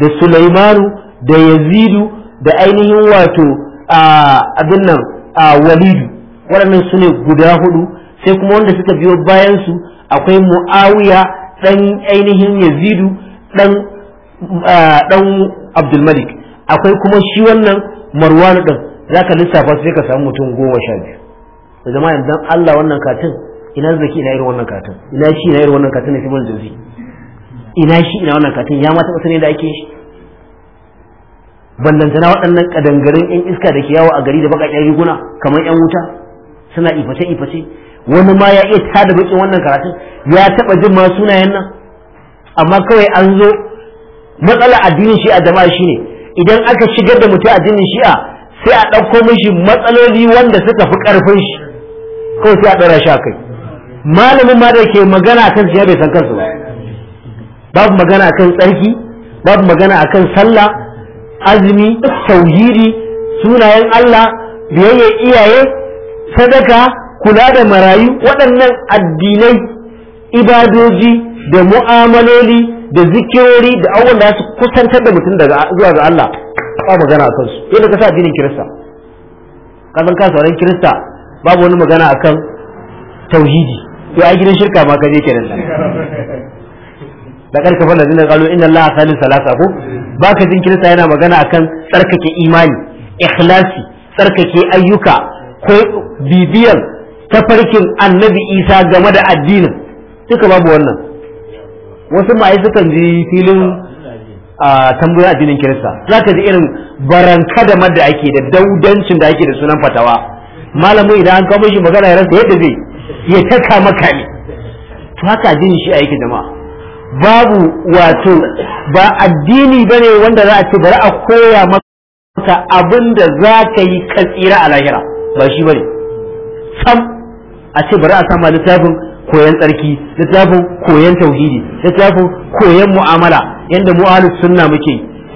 da sulaimanu da yazidu da ainihin wato abin nan walidu waɗannan su ne guda hudu sai kuma wanda suka biyo bayan su akwai mu'awiya ɗan ainihin yazidu ɗan abdulmalik akwai kuma shi wannan marwanu ɗin za ka lissafa sai ka samu mutum goma sha biyu da zama yanzu allah wannan katin ina zaki ina irin wannan katin ina shi ina irin wannan katin na fi manzanzi ina shi ina wannan katin ya ma taɓa ne da ake shi ballantana waɗannan kadangaren yan iska da ke yawo a gari da baƙaƙen riguna kamar yan wuta suna iface iface wani ma ya iya tada bakin wannan karatun ya taɓa jin ma sunayen nan amma kawai an zo matsala addinin shi'a jama'a ne, idan aka shigar da mutum addinin shi'a sai a ɗauko mishi matsaloli wanda suka fi ƙarfin shi kawai sai a ɗora shi a kai malamin ma da ke magana akan shi'a bai san kansu ba babu magana akan tsarki babu magana akan sallah azumi tauhidi sunayen Allah biyayya iyaye sadaka kula da marayu waɗannan addinai ibadoji da mu'amaloli da zikirori da abubuwan da su kusantar da mutum daga zuwa ga Allah ba magana a kansu yadda ka sa addinin kirista ka san kirista babu wani magana akan tauhidi to a gidan shirka ma ka je kenan da karka fa lazina qalu inna allaha salis salasa ko baka jin kirista yana magana akan tsarkake imani ikhlasi tsarkake ayyuka ko bibiyan tafarkin annabi isa game da addinin duka babu wannan wasu ma'ai sukan ji filin tambayoyin addinin kirista za ka ji irin baranka da madda ake da daudancin da ake da sunan fatawa malamin idan an kawo shi magana ya rasa yadda zai ya taka maka ne to haka addinin shi a yake jama'a babu wato ba addini bane wanda za a ce bari a koya maka abin da za ka yi ka tsira a lahira ba shi bane sam a ce bari a sama littafin koyan tsarki littafin koyan tauhidi littafin koyan mu'amala yanda mu ahlus sunna muke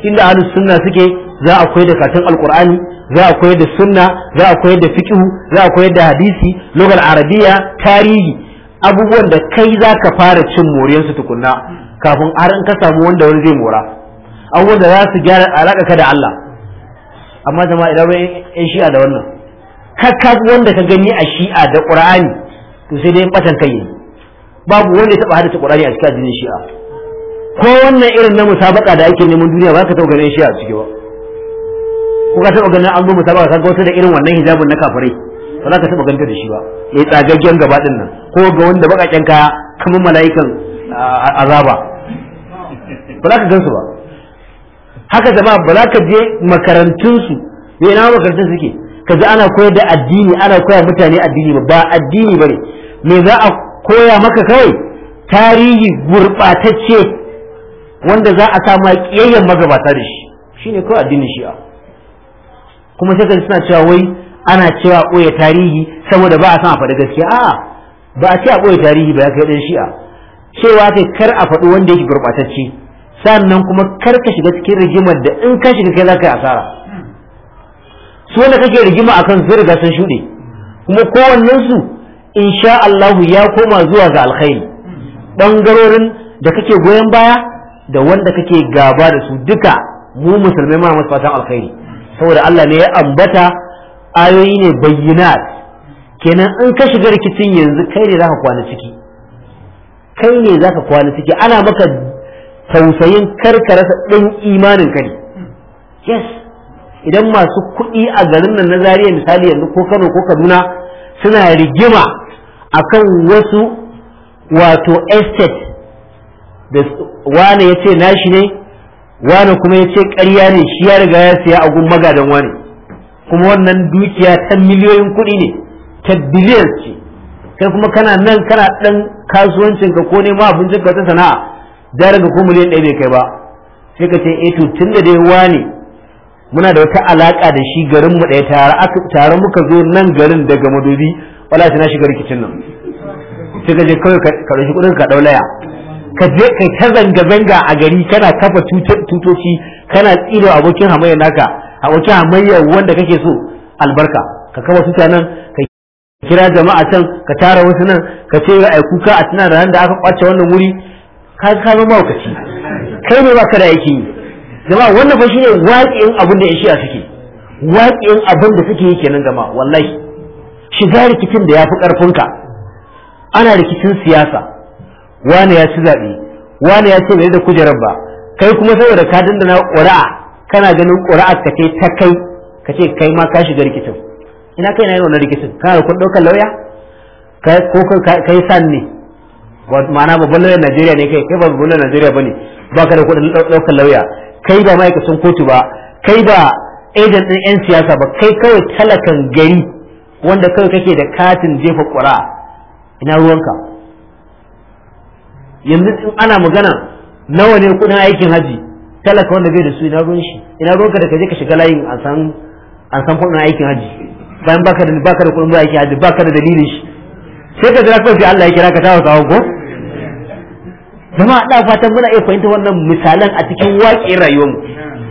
inda ahlus sunna suke za a koyar da katin alqur'ani za a koyar da sunna za a koyar da fiqh za a koyar da hadisi lugal arabiya tarihi abubuwan da kai za ka fara cin moriyarsu tukunna kafin har in ka samu wanda wani zai mora abubuwan da za su gyara alaƙa ka da Allah amma jama'a idan wani yan shi'a da wannan kakka wanda ka gani a shi'a da ƙur'ani to sai dai ɓatan kai babu wanda ya taɓa hada ƙur'ani a cikin addinin shi'a ko wannan irin na musabaka da ake neman duniya ba ka taɓa ganin shi'a a ciki ba ko ka taɓa ganin an zo musabaka ka ga wata da irin wannan hijabin na kafirai ba za ka taɓa ganta da shi ba mai tsagaggen gaba ɗin nan ko ga wanda bakaken kaya kamar mala'ikan azaba ba za ka gansu ba haka jama'a ba za ka je makarantunsu me ina makarantun suke ka ji ana koyar da addini ana koya mutane addini ba ba addini ba ne me za a koya maka kai tarihi gurɓatacce wanda za a sa ma magabatar magabata da shi shine kawai addinin shi'a kuma sai suna cewa wai ana cewa ɓoye tarihi saboda ba a san a faɗi gaskiya a'a ba a ce a ɓoye tarihi ba ya kai ɗan shi'a cewa kai kar a faɗi wanda yake gurɓatacce sannan kuma kar ka shiga cikin rigimar da in ka shiga kai za ka yi asara su wanda kake rigima akan sun riga sun shuɗe kuma kowannensu insha Allah ya koma zuwa ga alkhairi Bangarorin da kake goyon baya da wanda kake gaba da su duka mu musulmai ma masu fatan alkhairi saboda Allah ne ya ambata ayoyi ne bayyinat kenan in ka shiga rikicin yanzu kai ne zaka kwana ciki kai ne zaka kwana ciki ana maka tausayin karka rasa ɗan imanin ka ne yes idan masu kuɗi a garin nan na zariya misali yanzu ko kano ko kaduna suna rigima akan wasu wato estate da wane ya nashi ne wane kuma yace ce ƙarya ne shi ya riga ya siya a gun magadan wane kuma wannan dukiya ta miliyoyin kuɗi ne ta ce kai kuma kana nan kana dan kasuwancin ka ko neman abincin ka ta sana'a da daga ko miliyan ɗaya bai kai ba sai ka ce eh to da dai wani muna da wata alaka da shi garinmu mu ɗaya tare tare muka zo nan garin daga madobi wala sai na shiga rikicin nan sai ka je kawai ka ɗauki kuɗin ka ɗaulaya ka je kai ta zanga-zanga a gari kana kafa tutoci kana tsiro abokin hamayya naka abokin hamayya wanda kake so albarka ka kafa tuta nan kira jama'a can ka tara wasu nan ka ce ai kuka a tunan ran da aka kwace wannan wuri ka ka zo mawukaci kai ne ba ka da yake yi jama'a wannan fa shine waƙin abin da a suke waƙin abin da suke yi kenan jama'a wallahi shiga rikicin da yafi karfin ka ana rikicin siyasa wani ya ci zaɓe wani ya ce bai da kujerar ba kai kuma saboda ka dandana ƙura'a kana ganin ƙura'ar ka ta kai ka ce kai ma ka shiga rikicin ina kai na yi wannan rikicin ka da kun ɗaukar lauya ko kai san ne ma'ana babban lauyan Najeriya ne kai kai ba babban lauyan Najeriya bane ba ka da kuɗin ɗaukar lauya kai ba ma'aikacin kotu ba kai ba ejan ɗin 'yan siyasa ba kai kawai talakan gari wanda kawai kake da katin jefa ƙura ina ruwanka yanzu in ana magana nawa ne kuɗin aikin haji talaka wanda bai da su ina ruwan shi ina ruwanka da ka je ka shiga layin an san kuɗin aikin haji bayan baka da baka da kuɗin zuwa yake ba baka da dalilin shi sai ka jira kawai Allah ya kira ka tawo kawo ko jama'a da fatan muna iya fahimta wannan misalan a cikin waƙe rayuwar mu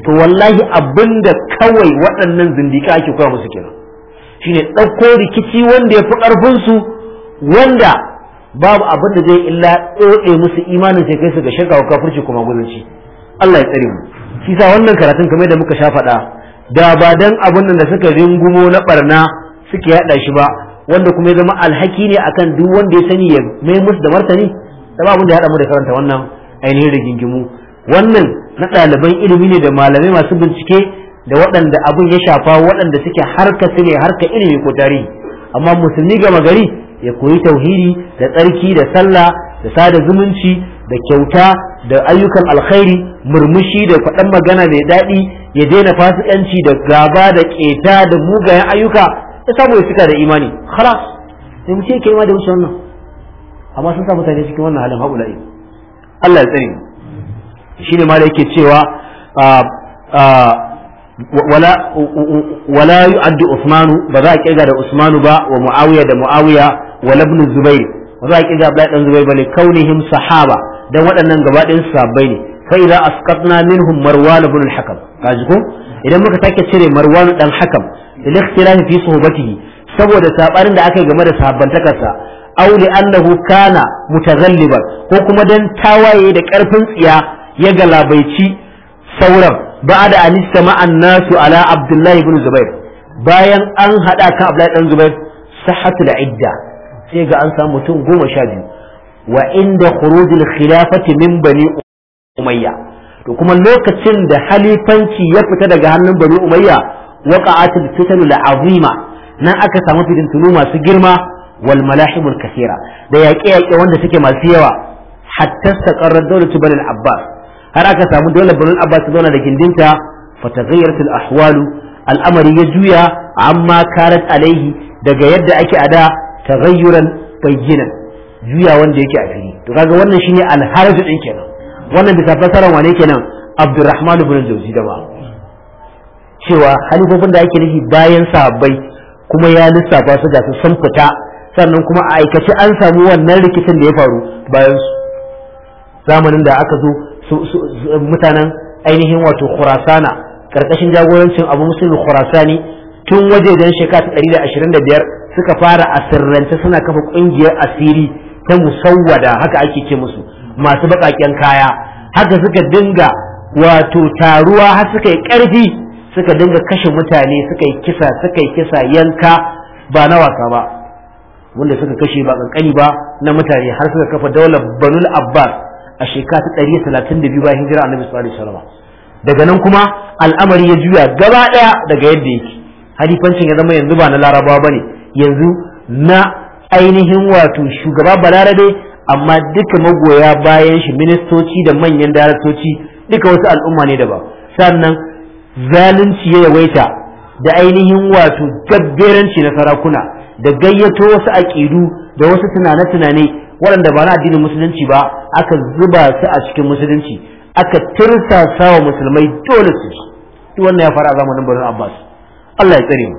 to wallahi abinda kawai waɗannan zindika ake koya musu kenan shine ɗauko rikici wanda ya fi ƙarfin su wanda babu abin da zai illa ɗoɗe musu imanin sai kai su ga shirka wa kafirci kuma gudunci Allah ya tsare mu shi sa wannan karatun kamar da muka sha faɗa da ba dan abin da suka ringumo na barna suke yada shi ba wanda kuma ya zama alhaki ne akan duk wanda ya sani ya mai musu da martani da ba abin da ya hada mu da karanta wannan ainihin rigingimu wannan na ɗaliban ilimi ne da malamai masu bincike da waɗanda abin ya shafa waɗanda suke harka su ne harka ilimi ko tarihi amma musulmi gama gari ya koyi tauhidi da tsarki da sallah da sada zumunci da kyauta da ayyukan alkhairi murmushi da faɗan magana mai daɗi ya daina fasikanci da gaba da keta da mugayen ayyuka ya samu ya fita da imani khalas sai mu ce kai ma da wuce wannan amma sun sa mutane cikin wannan halin haƙula'i Allah ya tsare ne ma da yake cewa wala wala yu'addu Usmanu ba za a kirga da Usmanu ba wa Muawiya da Muawiya wa Ibn Zubair ba za a kirga da dan ba bane kaunihim sahaba dan waɗannan gaba ɗayan sahabbai ne fa idza asqatna minhum marwan ibn al-hakam kaji ko idan muka take cire marwan dan hakam lil ikhtilafi fi suhbatihi saboda sabanin da aka yi game da sahabbantakarsa aw li annahu kana mu ta mutaghalliban ko kuma dan tawaye da karfin tsiya ya galabaici sauran ba'a da anista an ala abdullahi ibn zubair bayan an haɗa kan abdullahi dan zubair sahhatul idda sai ga an samu mutum goma sha biyu wa inda khurujul khilafati min bani umayya to kuma lokacin da halifanci ya fita daga hannun bani umayya waqa'atul fitanul azima nan aka samu fitintunu masu girma wal malahibul kaseera da yaƙe-yaƙe wanda suke masu yawa hatta taqarrar dawlatu bani abbas har aka samu dole bani abbas zauna da gindinta al ahwalu al'amari ya juya amma karat alaihi daga yadda ake ada taghayyuran bayyinan juya wanda yake a fili to kaga wannan shine alharaju din kenan wannan bisa fasaran wane kenan Abdurrahman ibn Jawzi da ba cewa halifofin da ake nufi bayan sahabbai kuma ya lissafa su ga su sun fita sannan kuma a aikace an samu wannan rikicin da ya faru bayan su zamanin da aka zo mutanen ainihin wato khurasana karkashin jagorancin abu musulmi khurasani tun waje dan shekara ta 125 suka fara asirrance suna kafa kungiyar asiri ta musawwada haka ake ce musu masu baƙaƙen kaya haka suka dinga wato taruwa har suka yi ƙarfi suka dinga kashe mutane suka yi kisa suka yi kisa yanka ba na wasa ba wanda suka kashe ba kankani ba na mutane har suka kafa daular banul abbas a shekara ta 132 bayan hijira annabi sallallahu alaihi wasallam daga nan kuma al'amari ya juya gaba ɗaya daga yadda yake Hadifancin ya zama yanzu ba na larabawa bane yanzu na ainihin wato shugaba balarabe amma duka magoya bayan shi ministoci da manyan daratoci duka wasu al'umma ne daban sannan zalunci ya yawaita da ainihin wato gaggeranci na sarakuna da gayyato wasu aƙidu da wasu tunane-tunane waɗanda ba na addinin musulunci ba aka zuba su a cikin musulunci aka tirsasa wa musulmai dole su duk wannan ya fara a zamanin birnin abbas allah ya tsare mu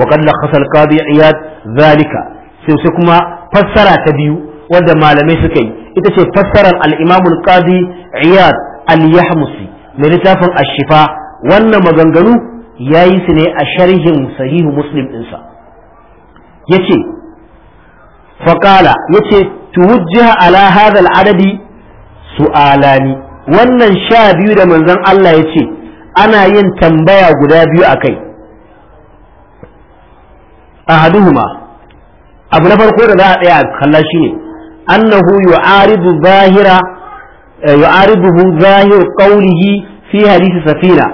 wa qad kasar kabi iyad zalika sai kuma fassara ta biyu wanda malamai suka yi ita ce fassarar al-Imam al-Qadi Iyad al-Yahmusi mai littafin ashifa wannan maganganu yayi su ne a sharhin sahihu Muslim dinsa yace faqala yace tuwajjaha ala hadha su adadi su'alani wannan sha biyu da manzon Allah yace ana yin tambaya guda biyu a a ahaduhuma abu na farko da za a tsaya kalla shi ne annahu yu'aridu zahira yu'ariduhu zahir qawlihi fi hadith safina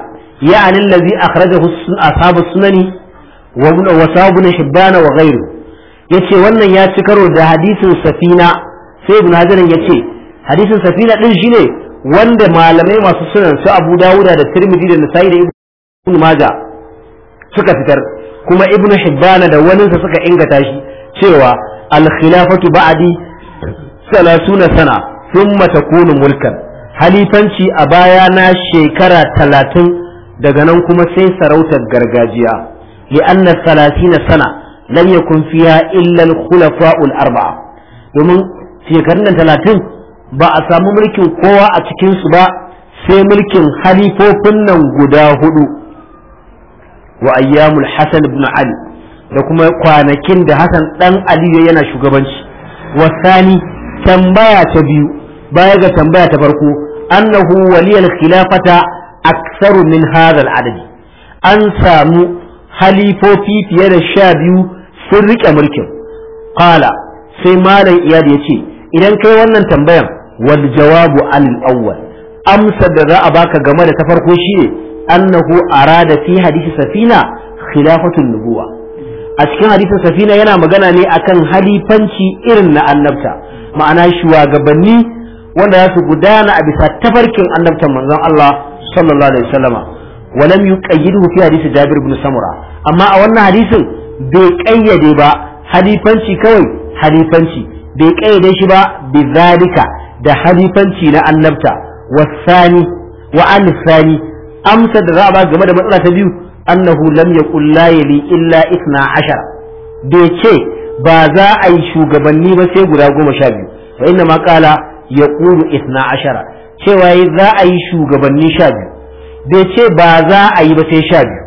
يعني الذي أخرجه أصحاب السنن وصحاب ابن حبان وغيره yace wannan ya ci karo da hadisin safina sai ibn hajar yace hadisin safina din shine wanda malamai masu sunan su Abu Dawuda da Tirmidhi da suka fitar kuma ibnu Hibban da wani sa suka ingata shi cewa al khilafatu ba'di salasuna sana mata takunu mulkan halifanci a baya na shekara talatin daga nan kuma sai sarautar gargajiya li'anna salasina sana lam yakun fiha illa khulafaul arba'a domin shekarun nan talatin ba a samu mulkin kowa a cikin su ba sai mulkin halifofin nan guda hudu wa ayyamul hasan ibn ali da kuma kwanakin da hasan dan ali yana shugabanci wasani tambaya ta biyu baya ga tambaya ta farko annahu waliyal khilafata aktsaru min hadha adadi an samu halifofi fiye da sha biyu sun rike mulkin qala sai malam iyad yace idan kai wannan tambayan wal jawabu al awwal amsa da za a baka game da ta farko shine annahu arada fi hadisi safina khilafatul nubuwa a cikin hadisin safina yana magana ne akan halifanci irin na annabta ma'ana shugabanni wanda za su gudana a bisa tafarkin annabtan manzon Allah sallallahu alaihi wasallama walam yuqayyidu fi hadisi Jabir ibn Samura amma a wannan hadisin bai kayyade ba halifanci kawai halifanci bai kayyade shi ba bi da halifanci na annabta wasani wa an sani amsa da za a ba game da matsala ta biyu annahu lam yaqul la yali illa 12 bai ce ba za a yi shugabanni ba sai guda goma sha biyu fa inna ma qala yaqulu ithna ashara cewa za a yi shugabanni sha biyu bai ce ba za a yi ba sai sha biyu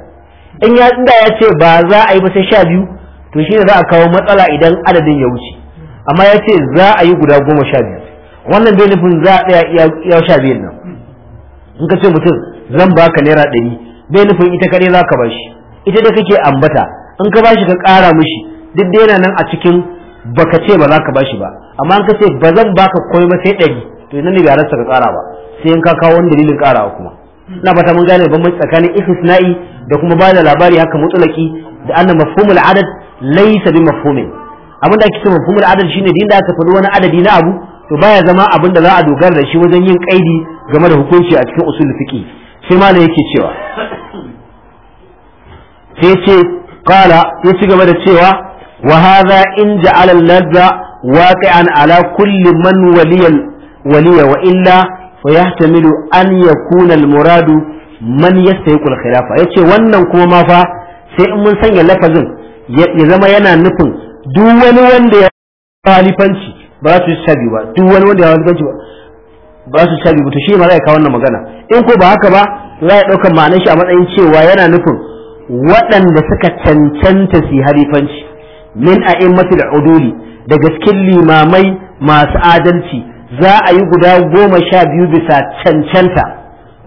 in ya tsinda ya ce ba za a yi ba sai sha biyu to shi ne za a kawo matsala idan adadin ya wuce amma ya ce za a yi guda goma sha biyu wannan bai nufin za a tsaya iya sha biyun nan in ka ce mutum zan baka naira ɗari bai nufin ita kaɗai za ka shi? ita da kake ambata in ka bashi ka ƙara mishi duk da yana nan a cikin baka ce ba za ka bashi ba amma an ka ce ba zan baka koyi ba sai ɗari to yanzu ne bai ka ƙara ba sai in ka kawo wani dalilin karawa kuma ina fata mun gane bambanci tsakanin istisna'i da kuma ba da labari haka mutsulaki da annan mafhumul adad laysa bi mafhumin abin da ake cewa mafhumul adad shine din da aka faɗi wani adadi na abu to baya zama abin da za a dogara da shi wajen yin kaidi game da hukunci a cikin usul fiqi sai ma yake cewa sai ce kala ya ci gaba da cewa وهذا إن جعل اللذة واقعا على كل من ولي ولي وإلا فيحتمل أن يكون المراد من يستحق الخلافة yace wannan kuma ma fa sai in mun sanya lafazin ya zama yana nufin duk wani wanda ya khalifanci ba su shabi ba duk wani wanda ya khalifanci ba ba su shabi ba to shi ma za ka wannan magana in ko ba haka ba za ya ɗauka ma'anar shi a matsayin cewa yana nufin waɗanda suka cancanta su halifanci min a da uduli daga cikin limamai masu adalci za a yi guda goma sha biyu bisa cancanta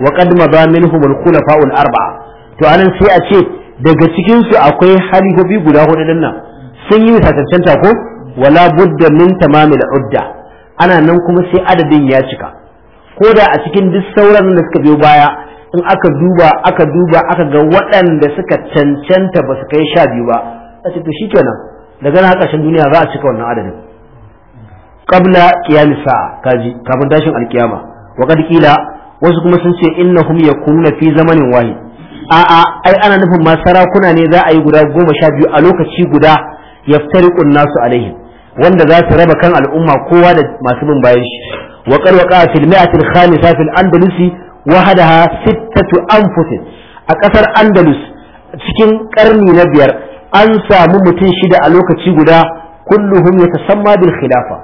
wa qad madha minhum al-khulafa'ul arba'a to anan sai a ce daga cikinsu akwai akwai halifofi guda hudu din nan sun yi bisa cancanta ko wala budda min tamamil udda ana nan kuma sai adadin ya cika ko da a cikin duk sauran da suka biyo baya in aka duba aka duba aka ga waɗanda suka cancanta ba su kai sha biyu ba a ce to kenan. daga na ƙarshen duniya za a cika wannan adadin qabla qiyamis sa'a kaji kafin tashin alkiyama wa ƙila qila wasu kuma sun ce innahum yakununa fi zamanin wahid a a ai ana nufin ma sarakuna ne za a yi guda goma sha biyu a lokaci guda yaftariqun nasu alaihim wanda za su raba kan al'umma kowa da masu bin bayan shi wa qad waqa fil mi'atil khamisa fil andalusi wahadaha sittatu anfus a kasar andalus cikin karni na biyar an samu mutum shida a lokaci guda kulluhum yatasamma bil khilafa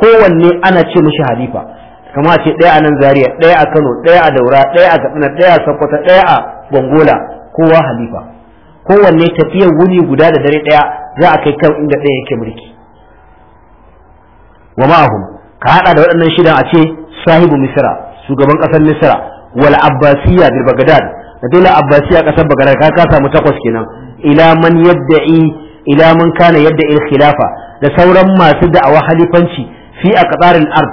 kowanne ana ce mishi halifa kama a ce ɗaya a nan zaria ɗaya a kano ɗaya a daura ɗaya a katsina ɗaya a sokoto ɗaya a gongola kowa halifa kowanne tafiyar wuni guda da dare ɗaya za a kai kan inda ɗaya yake mulki wa ma'ahum ka haɗa da waɗannan shidan a ce sahibu misra shugaban ƙasar misra wal abbasiya bil bagdad da dole abbasiya ƙasar bagdad ka ka samu takwas kenan ila man yadda'i ila man kana yadda'i khilafa da sauran masu da'awa halifanci fi a qatarin ard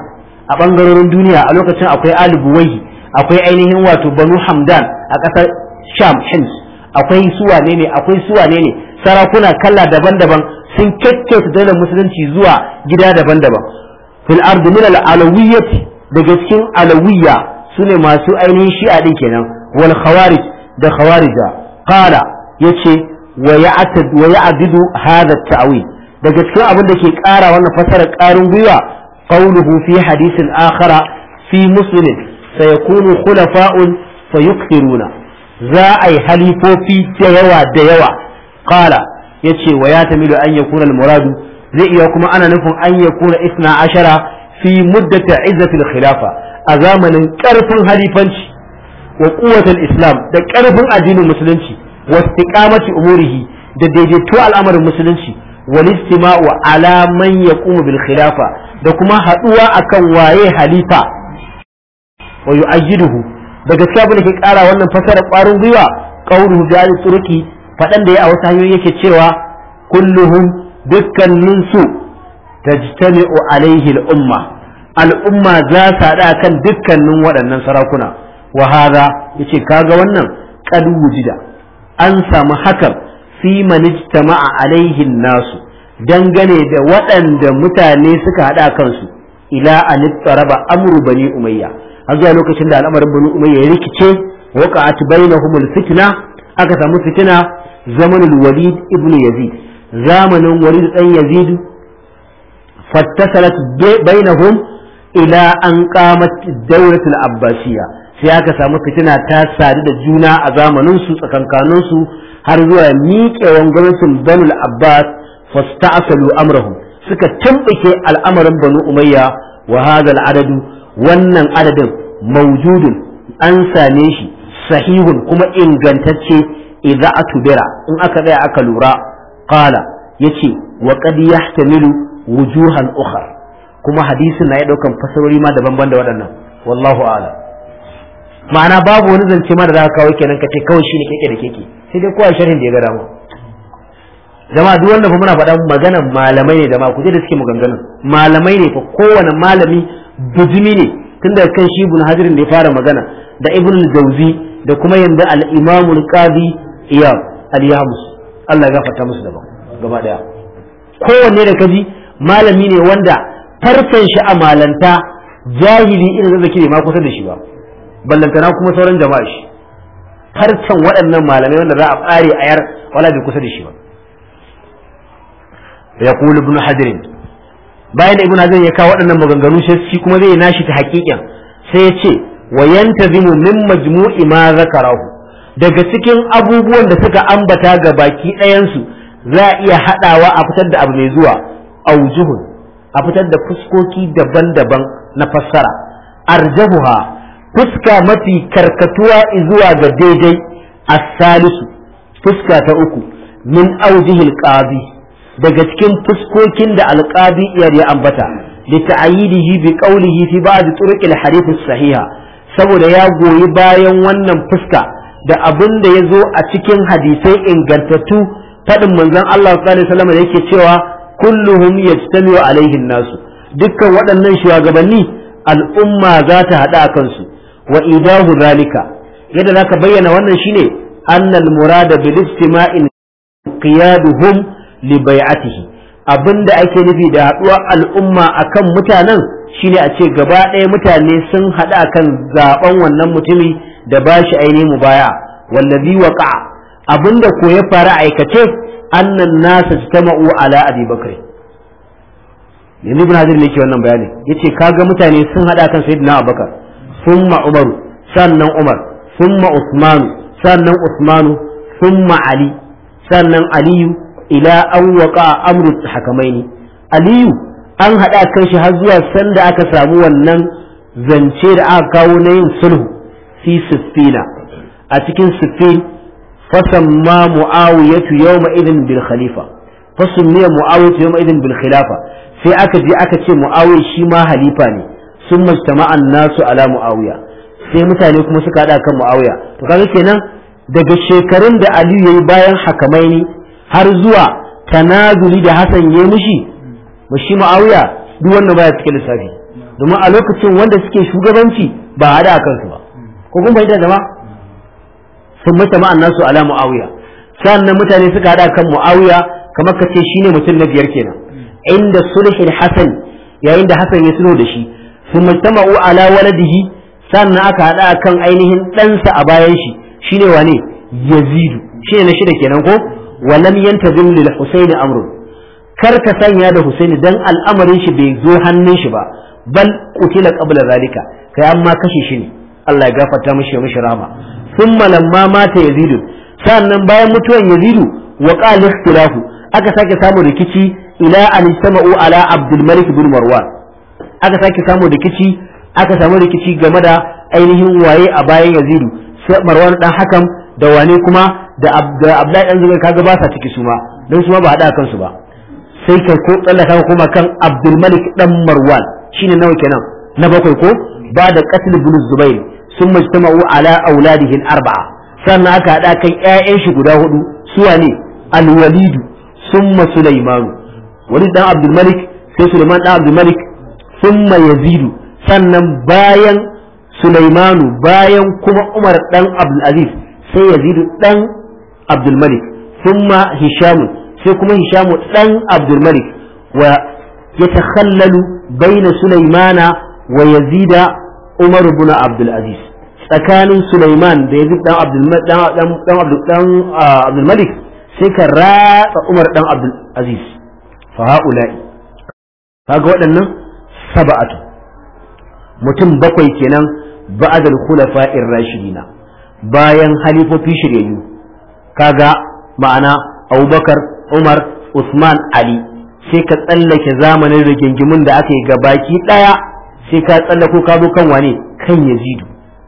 a bangarorin duniya a lokacin akwai alibuwai akwai ainihin wato banu hamdan a ƙasar sham hims akwai suwane ne sarakuna kala daban-daban sun kyakkyawa daular musulunci zuwa gida daban-daban fil ardi min al alawiyyati daga cikin alawiyya sune masu ainihin shi'a din kenan wal khawarij da khawarija qala yace wa adidu hadha tawil daga cikin abin da ke ƙara wannan fasara ƙarin gwiwa qawluhu fi hadisin akhara fi muslim sayakunu khulafa'un fayukthiruna za a yi halifofi da yawa da yawa qala yace wa ya tamilu an yakuna al-muradu zai iya kuma ana nufin an yakuna isna ashara fi muddati izzatil khilafa a zamanin karfin halifanci wa quwwatul islam da karfin addinin musulunci wa maci umurihi da daidaito al'amarin musulunci wal istima'u ala man yaqumu bil khilafa da kuma haduwa akan waye halifa wa yu'ayyiduhu daga gaskiya bane ke kara wannan fasara kwarin gwiwa qawluhu bi al fadan da ya a wasu hanyoyi yake cewa kulluhum dukkanin su tajtami'u alaihi al-umma al-umma za su da kan dukkanin waɗannan sarakuna wa hada yace kaga wannan qad wujida an samu hakan fi manijtama'a alaihin nasu dangane da waɗanda mutane suka haɗa kansu ila alittaraba amru bani umayya har zuwa lokacin da al'amarin bani umayya ya rikice waqa'at bainahumul fitna aka samu fitina zamanul walid ibnu yazid zamanin walid dan yazid fattasalat bainahum ila an qamat dawlatul abbasiyya sai aka samu fitina ta sadu da juna a zamaninsu tsakankaninsu har zuwa miƙewan gwamnatin banul abbas asalu amrahum suka tambake al'amarin banu umayya wa hadal adadu wannan adadin mawjudun an same shi sahihun kuma ingantacce idza atubira in aka tsaya aka lura qala yace wa qad yahtamilu wujuhan ukhra kuma hadisin na ya daukan fasarori ma daban-daban da waɗannan wallahu a'lam ma'ana babu wani zance mara da za ka kawo kenan ka ce kawai shine keke da keke sai dai kowa sharhin da ya ga mu jama'a duk wanda fa muna faɗa magana malamai ne ma ku je da suke maganganun malamai ne fa kowane malami bujimi ne tun daga kan shi ibn hajar da ya fara magana da ibn jawzi da kuma yanda al-imam al-qadi iyab al yamus Allah ya gafarta musu daban gaba daya kowanne da kaji malami ne wanda farkan shi a malanta jahili irin da zaki ne ma kusa da shi ba ballantana kuma sauran jama'a shi harcen waɗannan malamai wanda za a ƙare a yar wala bi kusa da shi ba ya kulu ibn hadirin bayan ibn hadirin ya kawo waɗannan maganganu sai shi kuma zai nashi ta haƙiƙin sai ya ce wa yantazimu min majmu'i ma zakarahu daga cikin abubuwan da suka ambata ga baki ɗayansu za a iya haɗawa a fitar da abu mai zuwa aujuhun a fitar da fuskoki daban-daban na fassara arjabuha fuska mafi karkatuwa zuwa ga daidai a salisu fuska ta uku min aujihil qadi daga cikin fuskokin da alqadi iyar ya ambata li ta'yidihi bi qawlihi fi ba'd turuqil hadith sahiha saboda ya goyi bayan wannan fuska da abin da yazo a cikin hadisai ingantattu fadin manzon Allah sallallahu alaihi wasallam yake cewa kulluhum yajtamiu alaihin nasu dukkan waɗannan shugabanni al'umma za ta haɗa kansu wa idahu zalika yadda zaka bayyana wannan shine annal murada bil istima'in qiyaduhum li bai'atihi abinda ake nufi da haduwar al'umma akan mutanen shine a ce gaba ɗaya mutane sun haɗu akan zaben wannan mutumi da bashi ainihin mubaya wallazi waqa abinda ko ya faru aikace annan nasa jama'u ala abi bakri yanzu ibn hajar ne ke wannan bayani yace kaga mutane sun haɗa kan sayyidina abubakar summa umaru sannan umar summa usmanu sannan usmanu summa ali sannan aliyu ila an waqa amru hakamaini aliyu an haɗa kan shi har zuwa sanda aka samu wannan zance da aka kawo na yin sulhu fi siffina a cikin siffin fasamma mu'awiyatu yawma idin bil khalifa fasummiya mu'awiyatu yawma idin bil sai aka je aka ce mu'awiya shi ma Khalifa ne sun majtama'an nasu ala muawiya sai mutane kuma suka hada kan muawiya to kaga kenan daga shekarun da ali yayi bayan hakamaini har zuwa tanazuli da hasan yayi mushi mushi muawiya duk wannan baya cikin lissafi domin a lokacin wanda suke shugabanci ba hada su ba ko kun bayyana da ba sun majtama'an nasu ala muawiya sannan mutane suka hada kan muawiya kamar kace shine mutum na biyar kenan inda sulhul hasan yayin da hasan ya sulhu da shi sun majtama'u ala waladihi sannan aka haɗa akan ainihin ɗansa a bayan shi shine wane yazidu shine na shida kenan ko walam yantazim da husaini Amru. kar ka sanya da husaini dan al'amarin shi bai zo hannun shi ba bal qutila qabla zalika kai amma kashe shi ne Allah ya gafarta mishi mishi rahama thumma lamma mata yazidu sannan bayan mutuwan yazidu wa qala ikhtilafu aka sake samun rikici ila an sama'u ala abdul malik bin marwar. aka sake samu rikici aka samu rikici game da ainihin waye a bayan yazidu marwan dan hakan da wane kuma da abdullahi dan zubair kaga ba sa ciki su ma dan su ma ba hada kansu ba sai kai ko tsallaka kuma kan abdul malik dan marwan shine nawa kenan na bakwai ko ba da qatl ibn zubair sun majtama'u ala auladihi arba'a sannan aka hada kan ƴaƴan shi guda hudu su wane al-walidu summa sulaimanu walid dan abdul malik sai sulaiman dan abdul malik summa yazidu sannan bayan sulaimanu bayan kuma umar dan abdul abdulaziz sai yazidu dan abdul malik summa hishamu sai kuma hishamu dan abdul abdulmalik wa yatakhallalu baina sulaimana wa yazida umar ibn abdulaziz tsakanin sulaiman da yazid dan abdul dan abdulmalik sai ka ratsa umar dan abdul abdulaziz fa haula'i kaga waɗannan sab'atu mutum bakwai kenan ba'dal khulafa'ir rashidina bayan halifofi shiryayyu kaga ma'ana Abubakar Umar Usman Ali sai ka tsallake zamanin rigingimin da aka yi gabaki daya sai ka tsallako ka zo kan wane kan Yazidu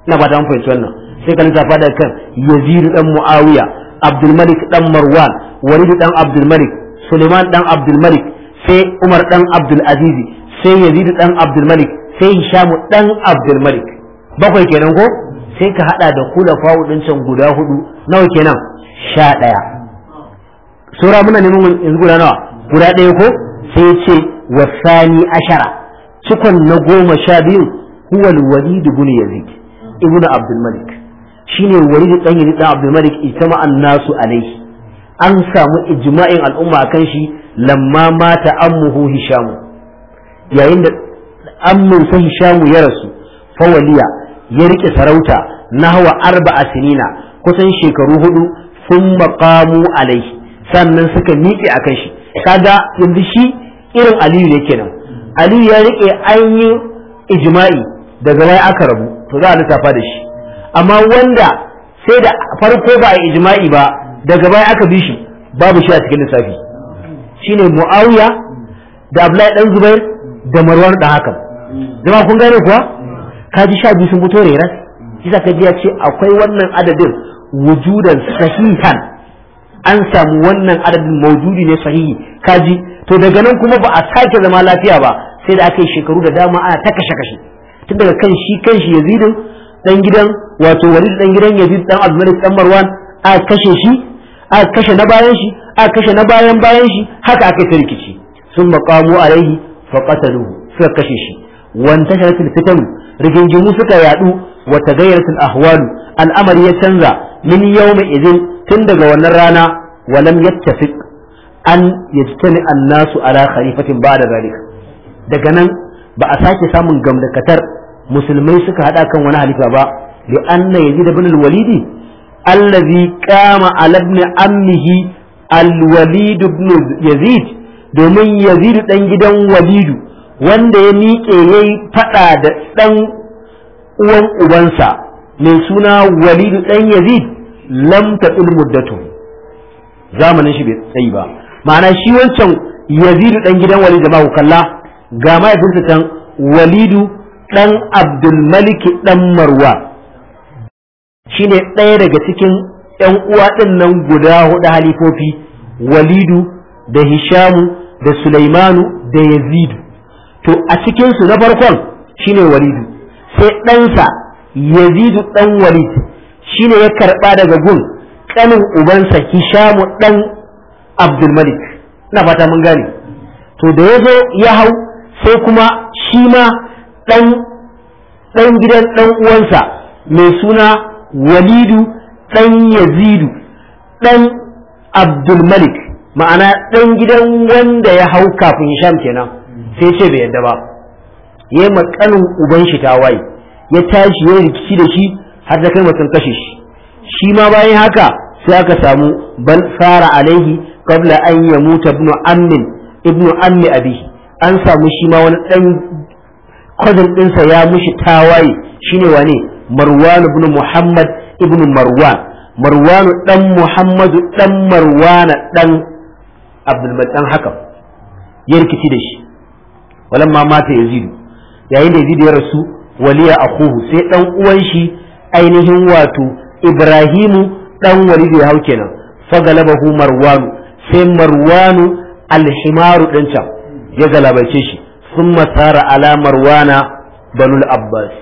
ina fata mun fahimci wannan sai ka nisa da kan Yazidu dan Muawiya Abdul Malik dan Marwan Walid dan Abdul Malik Suleiman dan Abdul Malik sai Umar dan Abdul Azizi sai yazidu dan abdul malik sai hisham dan abdul malik bakwai kenan ko sai ka hada da kula din can guda hudu nawa kenan sha daya sura muna neman yanzu guda nawa guda daya ko sai ce wasani ashara cikon na goma sha biyu huwa walid ibn yazid ibnu abdul malik shine walid dan yazid dan abdul malik itama annasu alaihi an samu ijma'in al'umma a kan shi lamma mata ammuhu hishamu yayin da ammin sa shamu ya rasu fawaliya ya rike sarauta na hawa arba'a sinina kusan shekaru hudu sun maqamu alai sannan suka miƙe akan shi kaga yanzu shi irin Aliyu ne kenan Aliyu ya rike an yi ijma'i daga baya aka rabu to za a lissafa da shi amma wanda sai da farko ba a ijma'i ba daga baya aka bi shi babu shi a cikin lissafi shine Muawiya da Abdullahi dan Zubair da marwan da haka zama kun gane kuwa Kaji sha biyu sun fito reras kisa ka ji ya ce akwai wannan adadin wujudan sahihan an samu wannan adadin maujudi ne sahihi kaji to daga nan kuma ba a sake zama lafiya ba sai da aka yi shekaru da dama ana ta kashe kashe tun daga kan shi kan shi yazidin dan gidan wato wani dan gidan yazid dan abdulmalik dan marwan a kashe shi a kashe na bayan shi a kashe na bayan bayan shi haka aka yi rikici sun maqamu alaihi fa qataluhu suka kashe shi wani wan tasharatul fitan rigingimu suka yadu wata tagayyaratul ahwal al'amari ya canza min yawma idin tun daga wannan rana wa lam yattafiq an yajtami an-nasu ala khalifatin ba'da zalika daga nan ba a sake samun gamdakatar musulmai suka hada kan wani halifa ba li anna yazid ibn al-walid allazi qama ala ibn ammihi al-walid ibn yazid domin yazidu ɗan gidan walidu wanda ya miƙe ya yi faɗa da ɗan uwan ubansa mai suna walidu ɗan yazid lam ta muddatun zamanin shi bai tsayi ba ma'ana shi wancan yazidu ɗan gidan walidu ma kalla ga mahaifinsa can walidu ɗan abdulmaliki ɗan marwa shine ɗaya daga cikin ‘yan uwa ɗin nan guda hudu halifofi walidu da hishamu da Sulaimanu da Yazidu to a cikinsu na farkon shine Walidu sai ɗansa Yazidu ɗan Walid shine ya karɓa daga gun ƙanin ubansa Hishamu ɗan Abdul Malik fata mun gane to da ya zo ya hau sai kuma shi ma ɗan ɗan gidan ɗan uwansa mai suna Walidu ɗan Yazidu ɗan Abdulmalik. ma'ana ɗan gidan wanda ya hau kafin shan kenan sai ce bai yadda ba ya yi makanin uban shi tawaye ya tashi ya rikici da shi har da kai mutum kashe shi shi ma bayan haka sai aka samu bal fara alaihi qabla an ya muta ibnu ammin ibnu ammi abi an samu shi ma wani ɗan kwazin ɗinsa ya mushi tawaye ne wane marwan ibn muhammad ibn marwan marwanu ɗan muhammadu ɗan marwana ɗan. abdulmalik dan hakam ya rikici da shi ma mata yazidu yayin da yazidu ya rasu waliya a kuhu sai dan uwan shi ainihin wato ibrahimu dan walid ya hau kenan fagalabahu marwanu sai marwanu alhimaru din can ya galabace shi sun masara ala marwana banul abbas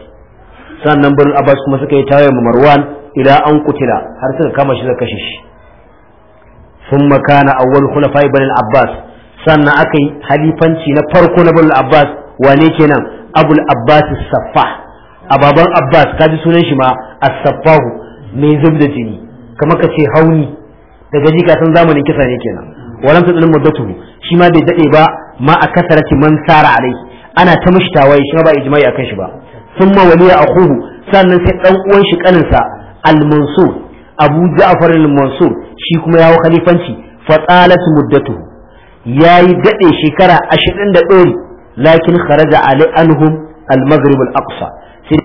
sannan banul abbas kuma suka yi tawaye marwan ila an kutila har suka kama shi da kashe shi sun makana awwal khulafai bani abbas sannan akayi yi halifanci na farko na bani abbas wane kenan abul abbas saffa ababan abbas kaji sunan shi ma as-saffahu mai zub da jini kamar ka ce hauni daga jika san zamanin kisa ne kenan walam tadin muddatu shi ma bai dade ba ma a kasarati man sara alai ana ta mashi tawaye shi ba ijma'i akan shi ba thumma waliya kuhu sannan sai ɗan uwan shi sa al-mansur Abuja ja'far al-mansur shi kuma yawo khalifanci fatsalat muddatu yayi daɗe shekara ashirin da dori lakin kharaja alai anhum al-maghrib al-aqsa